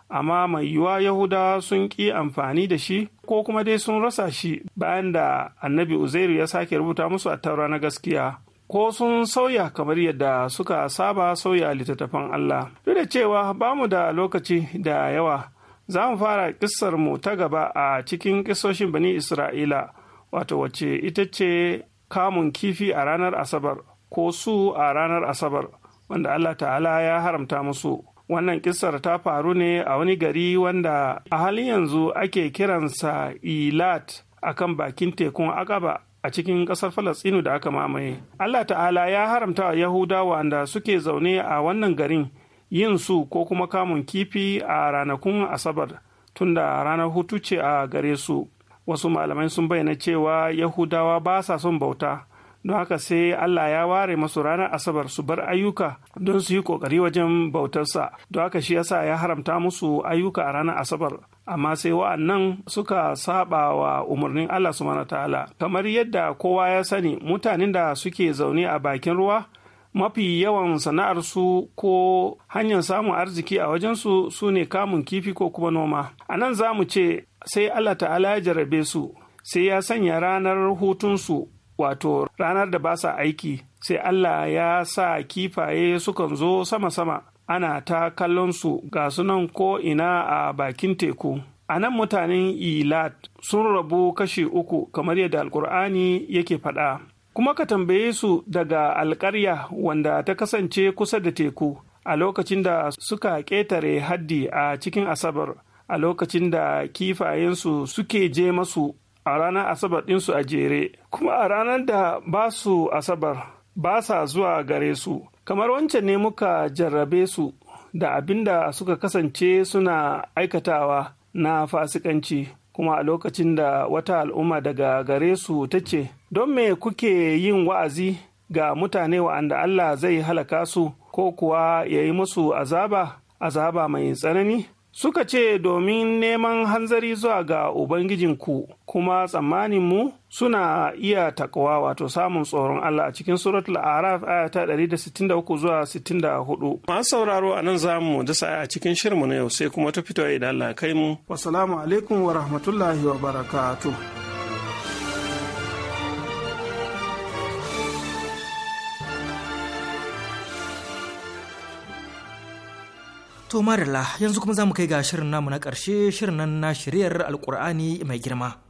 amma mai yiwuwa Yahudawa sun ƙi amfani da shi ko kuma dai sun rasa shi bayan da annabi Uzairu ya sake rubuta musu attaura na gaskiya ko sun sauya kamar yadda suka saba sauya littattafan Allah duk da cewa bamu da lokaci da yawa za mu fara ƙisar mu ta gaba a cikin ƙisoshin bani isra'ila wato wacce ita ce kamun kifi a ranar asabar ko su a ranar asabar wanda allah ta'ala ya haramta musu wannan ƙisar ta faru ne a wani gari wanda a halin yanzu ake kiransa ilat a kan bakin tekun akaba a cikin ƙasar falastinu da aka mamaye allah ta'ala ya haramta wa yahudawa wanda suke zaune a wannan garin yin su ko kuma kamun kifi a ranakun asabar tunda ranar hutu ce a gare su wasu malamai sun bayyana cewa yahudawa ba sa son bauta don haka sai allah ya ware masu ranar asabar su bar ayyuka don su yi kokari wajen bautarsa don haka shi yasa ya haramta musu ayyuka a ranar asabar amma sai wa'annan suka saba wa umarnin allah subhanahu ta'ala kamar yadda kowa ya sani mutanen da suke zaune a bakin ruwa mafi yawan sana'arsu ko hanyar samun arziki a wajensu su ne kamun kifi ko kuma noma a nan za mu ce sai allah ta'ala ya jarabe su sai ya sanya ranar hutunsu wato ranar da ba sa aiki sai allah ya sa kifaye sukan zo sama-sama ana ta kallon su ga sunan ko ina a bakin teku a nan mutanen ilat sun rabu kashi uku kamar yadda alkur'ani yake faɗa kuma ka tambaye su daga alkarya wanda ta kasance kusa da teku a lokacin da suka ƙetare haddi a cikin asabar a lokacin da kifayensu suke je masu a ranar asabar ɗinsu a jere kuma a ranar da ba su asabar ba sa zuwa gare su kamar wancan ne muka jarrabe su da abin da suka kasance suna aikatawa na fasikanci kuma a lokacin da wata al'umma daga gare su ta ce don me kuke yin wa'azi ga mutane wa'anda Allah zai halaka su ko kuwa ya yi musu azaba, azaba mai tsanani? Suka ce domin neman hanzari zuwa ga Ubangijinku kuma tsammaninmu suna iya takawa wato samun tsoron Allah a cikin suratul Araf aya ta 163 zuwa 64. Masu sauraro a nan zamu da sa'a a cikin shirmu na yau sai kuma ta fito idan Allah kai mu. Wasalamu alaikum wa rahmatullahi wa barakatuh. To Marilla, yanzu kuma za mu kai ga shirin namu na ƙarshe shirin nan na shiryar Alƙur'ani mai girma.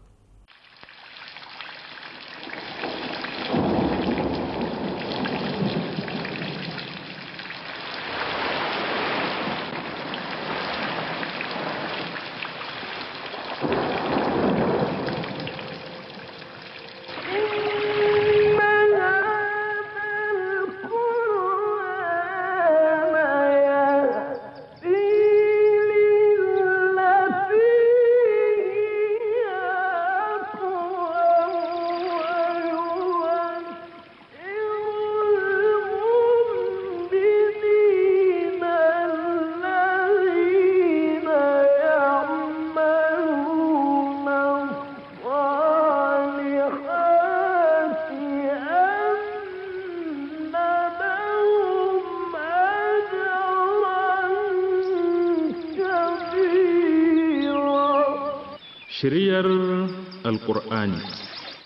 shiryar alkur'ani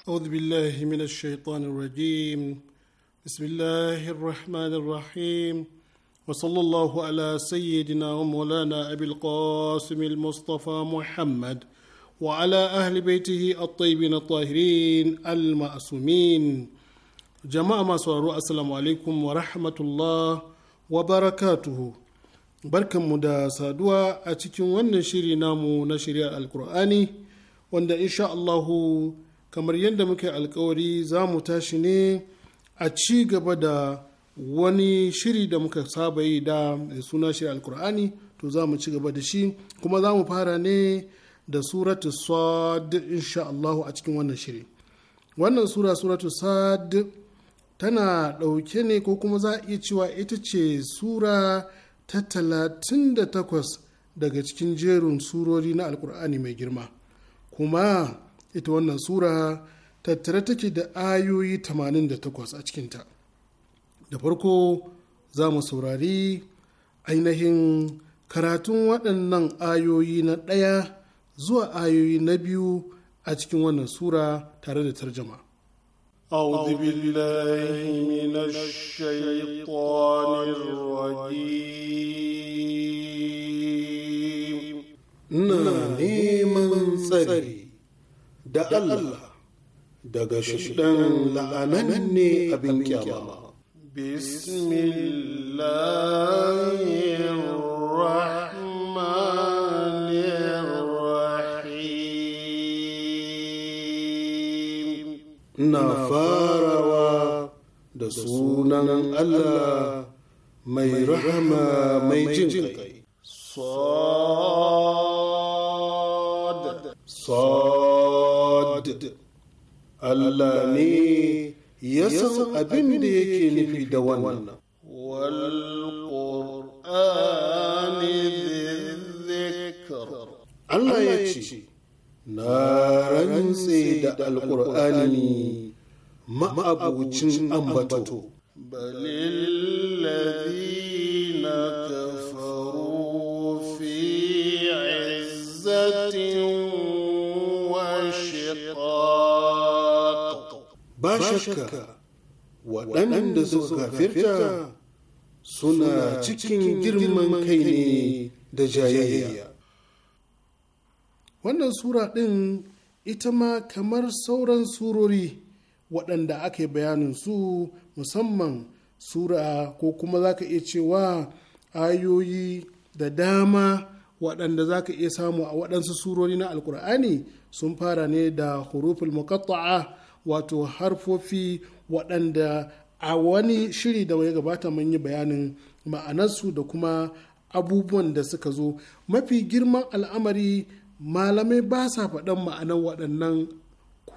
أعوذ بالله من الشيطان الرجيم بسم الله الرحمن الرحيم وصلى الله على سيدنا ومولانا أبي القاسم المصطفى محمد وعلى أهل بيته الطيبين الطاهرين المأسومين جماعة ما سواروا السلام عليكم ورحمة الله وبركاته barkanmu da saduwa a cikin wannan shiri namu na shirya alkur'ani wanda insha Allahu kamar yadda muke alkawari za mu tashi ne a ci gaba da wani shiri da muka saba yi da suna shi alkur'ani to za mu ci gaba da shi kuma za mu fara ne da suratu sad insha Allahu a cikin wannan shiri wannan sura suratu sad tana ɗauke ne ko kuma za a iya cewa ita ce sura ta 38 daga cikin jerin surori na alkur'ani mai girma kuma ita wannan sura tattare take da ayoyi 88 a cikinta da farko za mu saurari ainihin karatun waɗannan ayoyi na ɗaya zuwa ayoyi na biyu a cikin wannan sura tare da tarjama. أعوذ بالله من الشيطان الرجيم tsari da Allah daga shiɗan la'anan ne abin kyama. Na farawa da sunan Allah mai rahama mai jin kai. صاد Allah ne ya san abin da yake nufi da wannan. Allah ya ce, Na rantse da Alƙur'ani ma'abucin ambato. Balil shakka waɗanda suka firta suna cikin girman kai ne da jayayya wannan sura ɗin ita ma kamar sauran surori waɗanda aka yi su musamman sura ko kuma za ka iya cewa ayoyi da dama waɗanda za ka iya samu a waɗansu surori na alkur'ani sun fara ne da huruful muqatta'a wato harfofi waɗanda a wani shiri da ya gabata mun yi bayanin ma'anarsu da kuma abubuwan da suka zo mafi girman al'amari malamai ba sa faɗan ma'anar waɗannan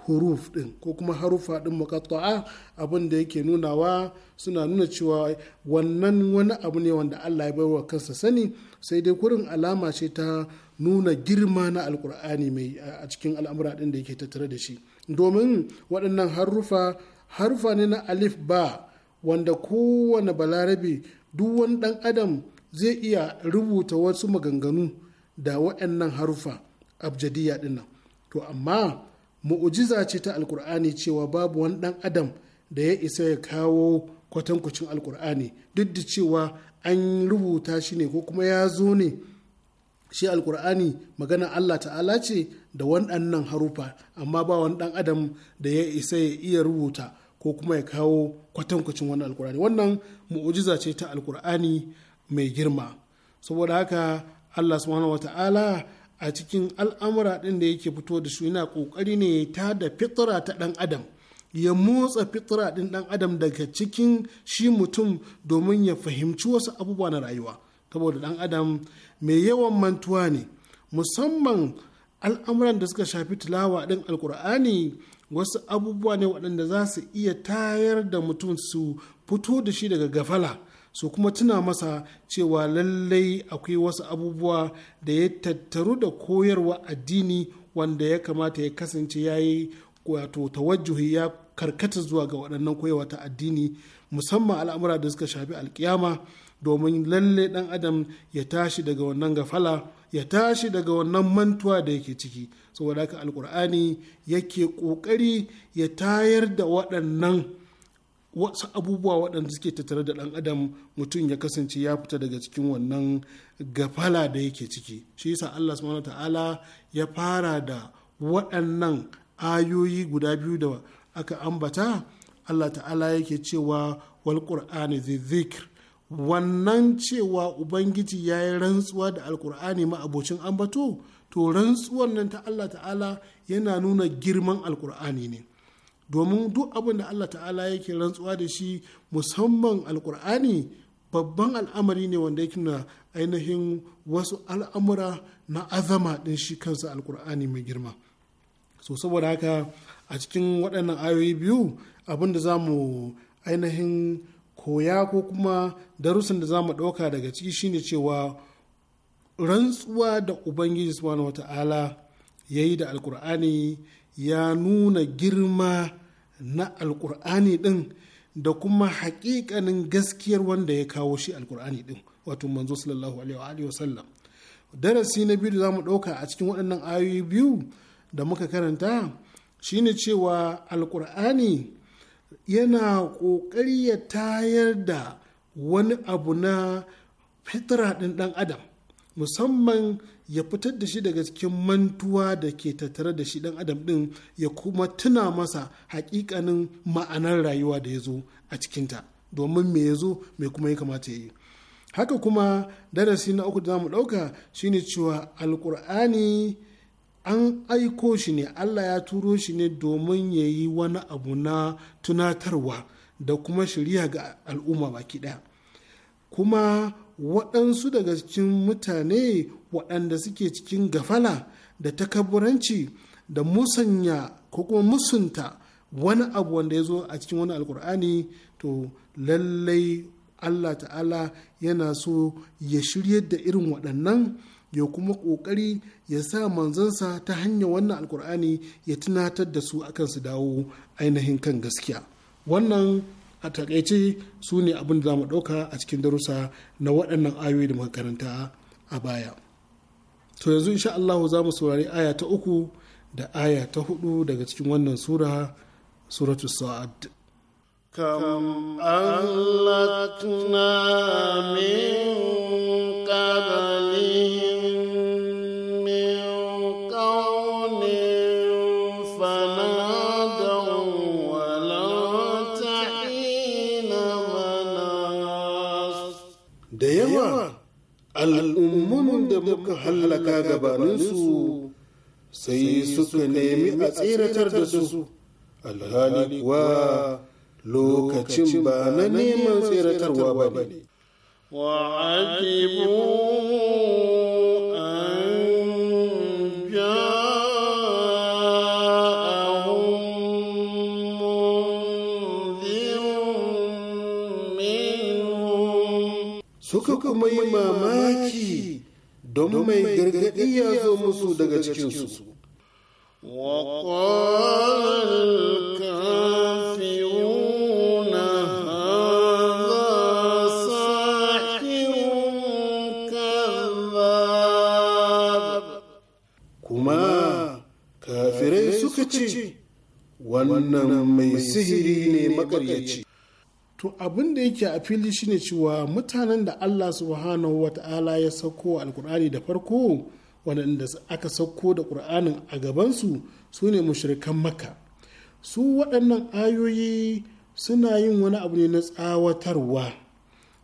huruf ɗin ko kuma harufa ɗin muqatta'a abin da yake nunawa suna nuna cewa wannan wani abu ne wanda Allah ya baiwa kansa sani sai dai kurin alama ce ta nuna girma na alkur'ani mai a cikin al'amura ɗin da yake tattare da shi domin waɗannan harufa harufa ne na alif ba wanda kowane balarabe duk wani ɗan adam zai iya rubuta wasu maganganu da waɗannan haruffa abjadiya ɗinnan to amma mu'ujiza ce ta alkur'ani cewa babu wani ɗan adam da ya isa ya kawo kwatankwacin alkur'ani duk da cewa an rubuta shi ne ko kuma ya zo ne shi alkur'ani magana allah ta'ala ce da waɗannan haruffa amma ba wani ɗan adam da ya isa ya iya rubuta ko kuma ya kawo kwatankwacin wani alkur'ani wannan mu'ujiza ce ta alkur'ani mai girma saboda haka allah subhanahu wata'ala a cikin al'amura ɗin da yake fito da su yana ƙoƙari ne ta da fitra ta ɗan adam ya motsa fitra ɗin ɗan adam daga cikin shi mutum domin ya fahimci wasu abubuwa na rayuwa saboda ɗan adam mai yawan mantuwa ne musamman al'amuran da suka shafi tilawa ɗin alkur'ani wasu abubuwa ne waɗanda za su iya tayar da mutum su fito da shi daga gafala su kuma tuna masa cewa lallai akwai wasu abubuwa da ya tattaru da koyarwa addini wanda ya kamata ya kasance ya yi wato ya karkata zuwa ga waɗannan koyarwa ta addini musamman al'amura da suka shafi alkiyama domin lallai ɗan adam ya tashi daga wannan gafala ya tashi daga wannan mantuwa da yake ciki saboda haka alkur'ani yake ƙoƙari ya tayar da waɗannan wasu abubuwa waɗanda suke tattare da ɗan adam mutum ya kasance ya fita daga cikin wannan gafala da yake ciki shi yasa allah subhanahu ta'ala ya fara da waɗannan ayoyi guda biyu da aka ambata allah ta'ala yake cewa wal qur'ani zikr wannan cewa ubangiji ya yi rantsuwa da alkur'ani ma'abocin ambato to rantsuwan nan ta allah ta'ala yana nuna girman alkur'ani ne domin duk abin da allah ta'ala yake rantsuwa da shi musamman alkur'ani babban al'amari ne wanda yake na ainihin wasu al'amura na azama ɗin shi kansa alkur'ani mai girma so saboda haka a cikin waɗannan ayoyi biyu abin da za mu ainihin koya ko kuma darussan da za mu ɗauka daga ciki shine cewa rantsuwa da ubangiji subhanahu wata'ala ya yi da alkur'ani ya nuna girma na alkur'ani ɗin da kuma haƙiƙanin gaskiyar wanda ya kawo shi alkur'ani ɗin wato manzo sallallahu alaihi wa sallam darasi na biyu da za mu ɗauka a cikin waɗannan ayoyi biyu da muka karanta shine cewa alkur'ani yana ƙoƙari ya tayar da wani abu na fitra ɗin ɗan adam musamman ya fitar da shi daga cikin mantuwa da ke tattare da shi ɗan adam ɗin ya kuma tuna masa haƙiƙanin ma'anar rayuwa da ya zo a cikinta domin me ya zo mai kuma ya kamata ya yi haka kuma darasi na uku da za mu ɗauka shine cewa alkur'ani an aiko shi ne allah ya turo shi ne domin ya yi wani abu na tunatarwa da kuma shirya ga al'umma baki ɗaya kuma waɗansu daga cikin mutane waɗanda suke cikin gafala da takaburanci da musanya ko kuma musunta wani abu wanda ya zo a cikin wani alkur'ani to lallai allah ta'ala yana so ya shirye da irin waɗannan ya kuma ƙoƙari ya sa manzansa ta hanyar wannan alkur'ani ya tunatar da su akan su dawo ainihin kan gaskiya wannan a takaice su ne abin da za mu ɗauka a cikin darussa na waɗannan ayoyi da muka a baya to yanzu insha Allah za mu saurari aya ta uku da aya ta hudu daga cikin wannan sura suratu sa'ad kam allatna min qablihi da muka halaka gabaninsu sai suka nemi a tsiratar da su alhali kuwa lokacin ba na neman tseratarwa ba ne وعجبوا أن جاءهم منذر منهم suka kuma yi don mai gargaɗi ya zo musu daga cikinsu. Kuma kafirai suka ce, wannan mai sihiri ne makaryaci. to abin da yake a fili shine cewa mutanen da allah subhanahu wa ta'ala ya sauko alkur'ani da farko waɗanda aka sauko da ƙur'anin a gabansu su ne mushrikan maka. su waɗannan ayoyi suna yin wani abu ne na tsawatarwa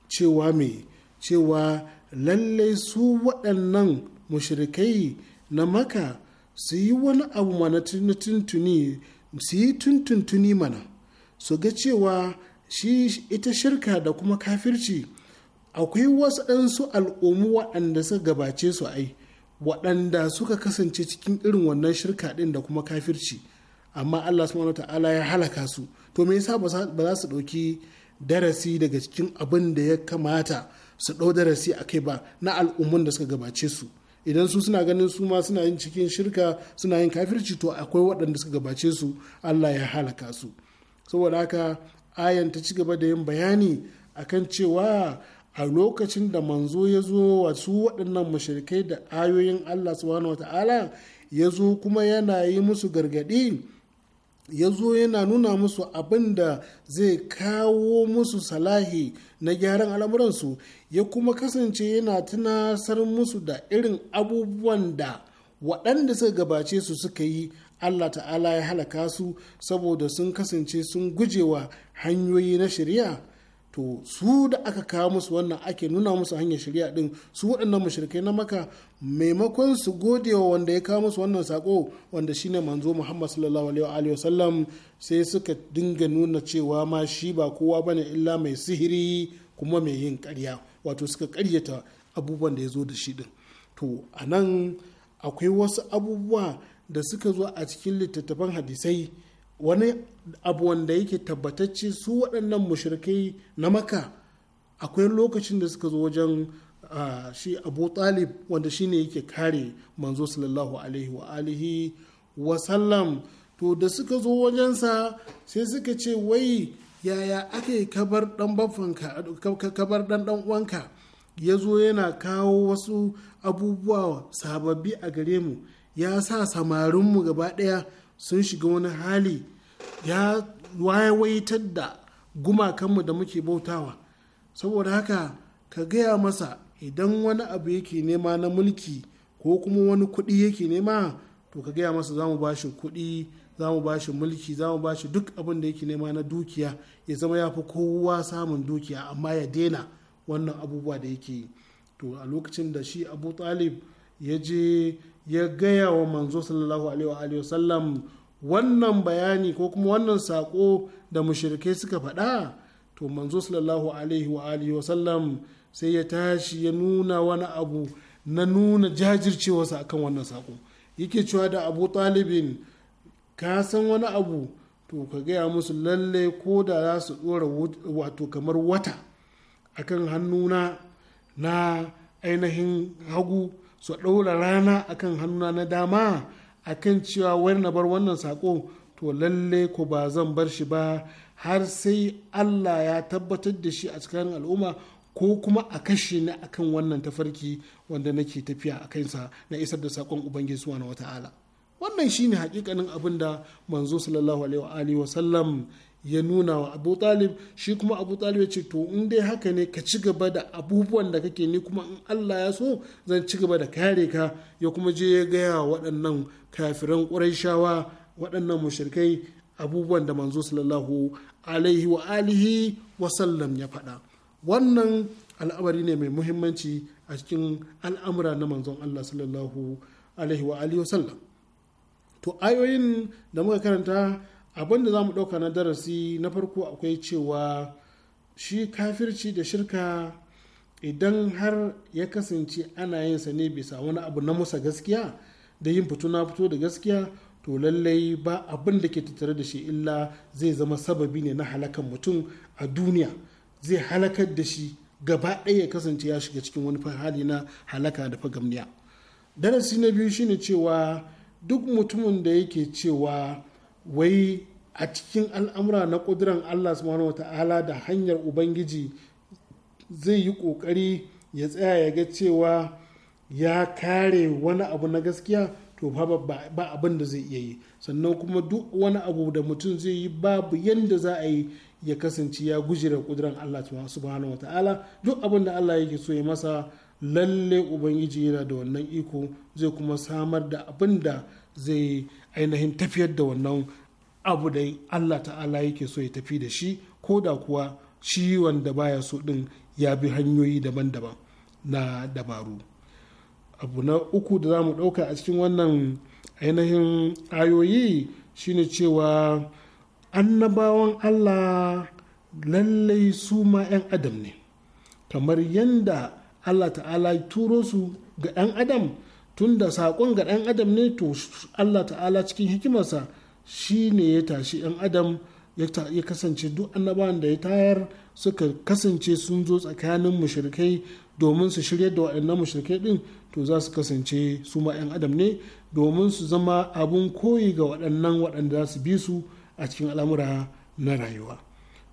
cewa mai cewa lallai su waɗannan mushrikai na maka su yi wani abu mana tuntuni su yi tuntuntuni mana su ga cewa shi ita shirka da kuma kafirci akwai wasu ɗansu al'ummu waɗanda suka gabace su ai waɗanda suka kasance cikin irin wannan shirka ɗin da kuma kafirci amma allah subhanahu ta'ala ya halaka su to me yasa ba za su ɗauki darasi daga cikin abin da ya kamata su ɗau darasi a kai ba na al'ummun da suka gabace su idan su suna ganin su ma suna yin cikin shirka suna yin kafirci to akwai waɗanda suka gabace su Allah ya halaka su saboda haka ayan ta ci gaba da yin bayani akan cewa a lokacin da manzo ya zo wa su waɗannan mashirikai da ayoyin Allah subhanahu wata'ala ya zo kuma yana yi musu gargaɗi ya zo yana nuna musu abin da zai kawo musu salahi na gyaran al'amuransu ya kuma kasance yana tunasar musu da irin abubuwan da waɗanda suka gabace su suka yi Allah ta'ala ya halaka su saboda sun kasance sun gujewa hanyoyi na shari'a to su da aka kawo musu wannan ake nuna musu hanyar shari'a din su waɗannan mushrikai na maka maimakon su gode wa wanda ya kawo musu wannan sako wanda shine manzo Muhammad sallallahu alaihi wa sallam sai suka dinga nuna cewa ma shi ba kowa bane illa mai sihiri kuma mai yin karya wato suka ƙaryata abubuwan da ya zo da shi din to anan akwai wasu abubuwa da suka zo a cikin littattafan hadisai wani abu wanda yake tabbatacce su waɗannan mushrikai na maka akwai lokacin da suka zo wajen shi abu talib wanda shi ne yake kare manzo sallallahu alaihi wa alihi wasallam to da suka zo wajensa sai suka ce wai yaya aka yi kabar dan baffanka kabar dan dan uwanka ya zo yana kawo wasu abubuwa sababi a gare mu ya sa samarinmu gaba ɗaya sun shiga wani hali ya wayawaitar da gumakanmu da muke bautawa saboda haka ka gaya masa idan wani abu yake nema na mulki ko kuma wani kuɗi yake nema to ka gaya masa za mu ba shi kuɗi za mu ba shi mulki za mu ba shi duk abin da yake nema na dukiya ya zama ya fi kowa samun dukiya amma ya daina wannan abubuwa da yake yi to a lokacin da shi abu talib ya je ya gaya wa manzo sallallahu alaihi wa sallam wannan bayani ko kuma wannan sako da mushirikai suka faɗa to manzo sallallahu alaihi wa sallam sai ya tashi ya nuna wani abu na nuna jajircewarsa akan wannan sako yake cewa da abu talibin ka san wani abu to ka gaya musu lalle ko da za su ɗora wato kamar wata akan hannuna na ainihin hagu su ɗaura rana akan hannuna na dama akan cewa wani na bar wannan sako to lalle ko ba zan bar shi ba har sai Allah ya tabbatar da shi a cikin al'umma ko kuma a kashe ni akan wannan tafarki wanda nake tafiya a kansa na isar da sakon ubangiji subhanahu wata'ala wannan shine hakikanin abin da manzo sallallahu alaihi wa sallam ya nuna wa abu talib shi kuma abu talib ya ce to in dai haka ne ka ci gaba da abubuwan da kake ni kuma in allah ya so zan ci gaba da kare ka ya kuma je ya gaya wa waɗannan kafiran ƙuraishawa waɗannan mushrikai abubuwan da manzo sallallahu alaihi wa alihi wa ya faɗa wannan al'amari ne mai muhimmanci a cikin al'amura na manzon allah sallallahu alaihi wa alihi wasallam to ayoyin da muka karanta abin da za mu ɗauka na darasi na farko akwai cewa shi kafirci da shirka idan har ya kasance ana yin sa ne bisa wani abu na musa gaskiya da yin fito na fito da gaskiya to lallai ba abin da ke tattare da shi illa zai zama sababi ne na halakan mutum a duniya zai halakar da shi gaba ɗaya ya kasance ya shiga cikin wani hali na halaka da fagamniya darasi na biyu shine cewa duk mutumin da yake cewa wai a cikin al'amura na ƙuduran allah subhanahu wa ta'ala da hanyar ubangiji zai yi ƙoƙari ya tsaya ya ga cewa ya kare wani abu na gaskiya to ba abin da zai iya yi sannan kuma duk wani abu da mutum zai yi babu yadda za a yi ya kasance ya gujira kudiran Allah subhanahu wata'ala duk abin da Allah yake so ya masa lalle ubangiji yana da wannan iko zai kuma samar da abin da zai ainihin tafiyar da wannan abu da Allah ta'ala yake so ya tafi da shi ko da kuwa shi wanda baya so din ya bi hanyoyi daban-daban na dabaru abu na uku da za mu ɗauka a cikin wannan ainihin ayoyi shine cewa annabawan Allah lallai su ma 'yan adam ne kamar yadda Allah ta'ala turo su ga 'yan adam tunda da saƙon ga ɗan adam ne to allah ta'ala cikin hikimarsa shi ne ya tashi ɗan adam ya kasance duk annabawan da ya tayar suka kasance sun zo tsakanin mushrikai domin su shirya da waɗannan mushrikai ɗin to za su kasance su ma 'yan adam ne domin su zama abun koyi ga waɗannan waɗanda za su bi su a cikin al'amura na rayuwa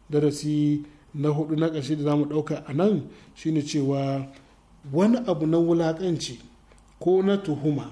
darasi na hudu na ƙarshe da za mu ɗauka a nan shine cewa wani abu na wulaƙanci ko na tuhuma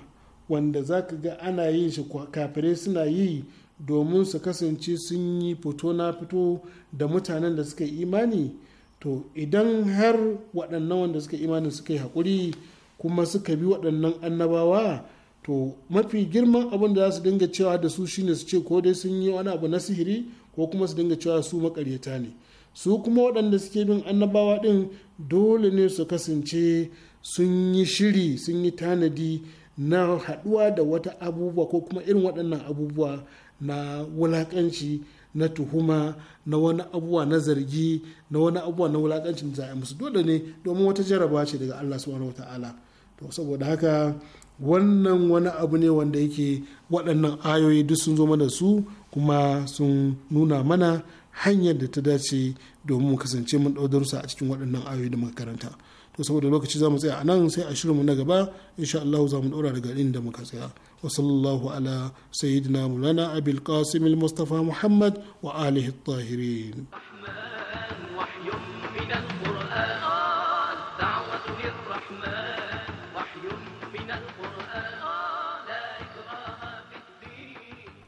wanda za ka ga ana yin shi kafirai suna yi domin su kasance sun yi fito na fito da mutanen da suka imani to idan har waɗannan wanda suka imani suka yi haƙuri kuma suka bi waɗannan annabawa to mafi girman abin da za su dinga cewa da su shine su ce ko dai sun yi wani abu na sihiri ko kuma su dinga cewa su makaryata ne su kuma waɗanda suke bin annabawa ɗin dole ne su kasance sun yi shiri sun yi tanadi na haɗuwa da wata abubuwa ko kuma irin waɗannan abubuwa na wulaƙanci na tuhuma na wani abubuwa na zargi na wani abubuwa na wulaƙancin za a musu dole ne domin wata jaraba ce daga Allah subhanahu wa ta'ala to saboda haka wannan wani abu ne wanda yake waɗannan ayoyi duk sun zo mana su kuma sun nuna mana hanyar da ta dace domin mu kasance mun ɗau darusa a cikin waɗannan ayoyi da muka karanta to saboda lokaci za mu tsaya a nan sai a shirinmu na gaba insha Allah za mu dora daga inda muka tsaya wa sallallahu ala sayyidina mulana abil qasim al mustafa muhammad wa alihi tahirin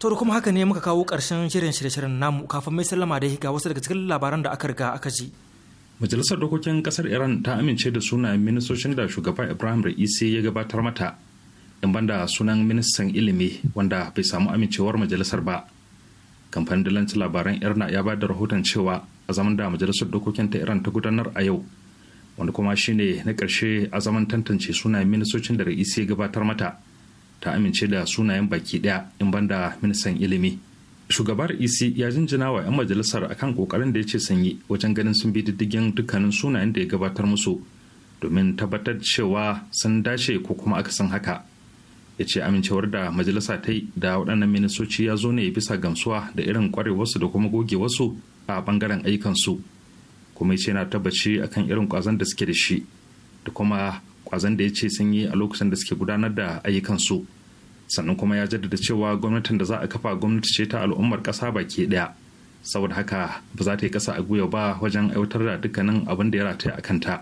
To kuma haka ne muka kawo ƙarshen shirin shirye-shiryen namu kafin mai sallama da ga wasu daga cikin labaran da aka riga aka ji. majalisar dokokin kasar iran ta amince da sunayen ministocin da shugaba ibrahim ra'isi ya gabatar mata in banda sunan ministan ilimi wanda bai samu amincewar majalisar ba kamfanin dalancin labaran irna ya bada da rahoton cewa a zaman da majalisar dokokin ta iran ta gudanar a yau wanda kuma shine na karshe a zaman tantance sunayen ministocin da ra'isi ya gabatar mata ta amince da sunayen baki ɗaya in banda ministan ilimi shugabar ec ya jinjina wa 'yan majalisar akan kokarin da ya ce sanyi wajen ganin sun bi diddigin dukkanin sunayen da ya gabatar musu domin tabbatar cewa sun dace ko kuma aka san haka ya ce amincewar da majalisa ta yi da waɗannan ministoci ya zo ne bisa gamsuwa da irin ƙwarewarsu da kuma wasu a ɓangaren ayyukansu kuma ya ce na tabbaci akan irin ƙwazon da suke da shi da kuma ƙwazon da ya ce sun yi a lokacin da suke gudanar da ayyukansu sannan kuma ya jaddada cewa gwamnatin da za a kafa gwamnati ce ta al'ummar ƙasa baki ɗaya saboda haka ba za ta yi kasa a gwiwa ba wajen aiwatar da dukkanin abin da ya rataya a kanta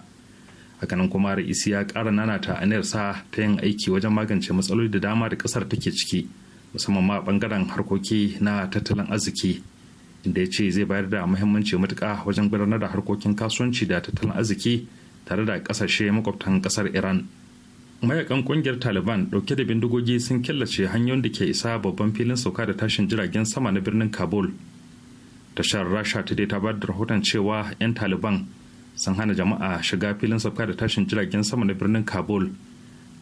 hakanan kuma ra'isi ya ƙara nanata sa ta yin aiki wajen magance matsaloli da dama da ƙasar take ciki musamman ma bangaren harkoki na tattalin arziki inda ya ce zai bayar da muhimmanci matuƙa wajen gudanar da harkokin kasuwanci da tattalin arziki tare da ƙasashe makwabtan ƙasar iran mayakan kungiyar taliban dauke da bindigogi sun killace hanyoyin da ke isa babban filin sauka da tashin jiragen sama na birnin kabul tashar rasha ta dai ta ba da rahoton cewa 'yan taliban sun hana jama'a shiga filin sauka da tashin jiragen sama na birnin kabul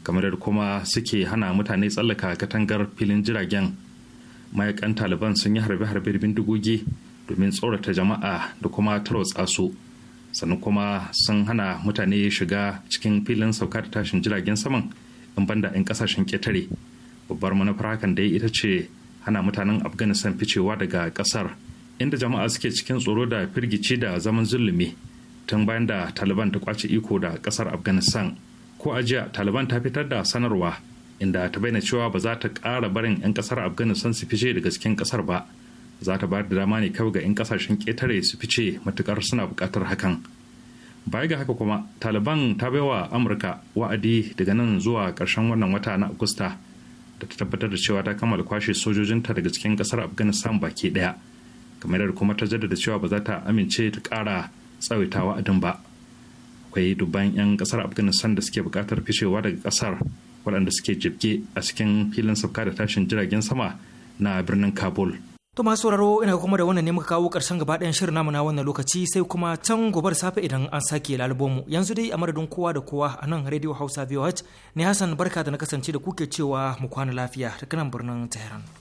kamar da kuma suke hana mutane tsallaka katangar filin jiragen mayakan taliban sun yi harbe-harbe bindigogi domin tsorata jama'a da kuma tarotsa su. sannan kuma sun hana mutane shiga cikin filin saukar tashin jiragen saman in banda 'yan kasashen ketare babbar manufar hakan dai ita ce hana mutanen afghanistan ficewa daga kasar inda jama'a suke cikin tsoro da firgici da zaman zulumi tun bayan da taliban ta kwace iko da kasar afghanistan ko a jiya taliban ta fitar da sanarwa inda ta bayyana cewa ba za ta kara barin 'yan kasar afghanistan su fice daga cikin kasar ba za ta bayar da dama ne kawai ga 'yan kasashen ƙetare su fice matukar suna buƙatar hakan baya ga haka kuma taliban ta bai wa amurka wa'adi daga nan zuwa ƙarshen wannan wata na agusta da ta tabbatar da cewa ta kammala kwashe sojojinta daga cikin ƙasar afghanistan baki ɗaya kamar da kuma ta jaddada cewa ba za ta amince ta ƙara tsawaita wa'adin ba akwai dubban 'yan ƙasar afghanistan da suke buƙatar ficewa daga ƙasar waɗanda suke jibge a cikin filin sauka da tashin jiragen sama na birnin kabul To masu sauraro ina kuma da wannan ne muka kawo ƙarshen gaba ɗayan shirin namu na wannan lokaci sai kuma can gobar safe idan an sake lalubomu yanzu dai a madadin kowa da kowa a nan Radio Hausa VOH ne Hassan barka da na kasance da kuke cewa mu kwana lafiya daga nan birnin Tehran.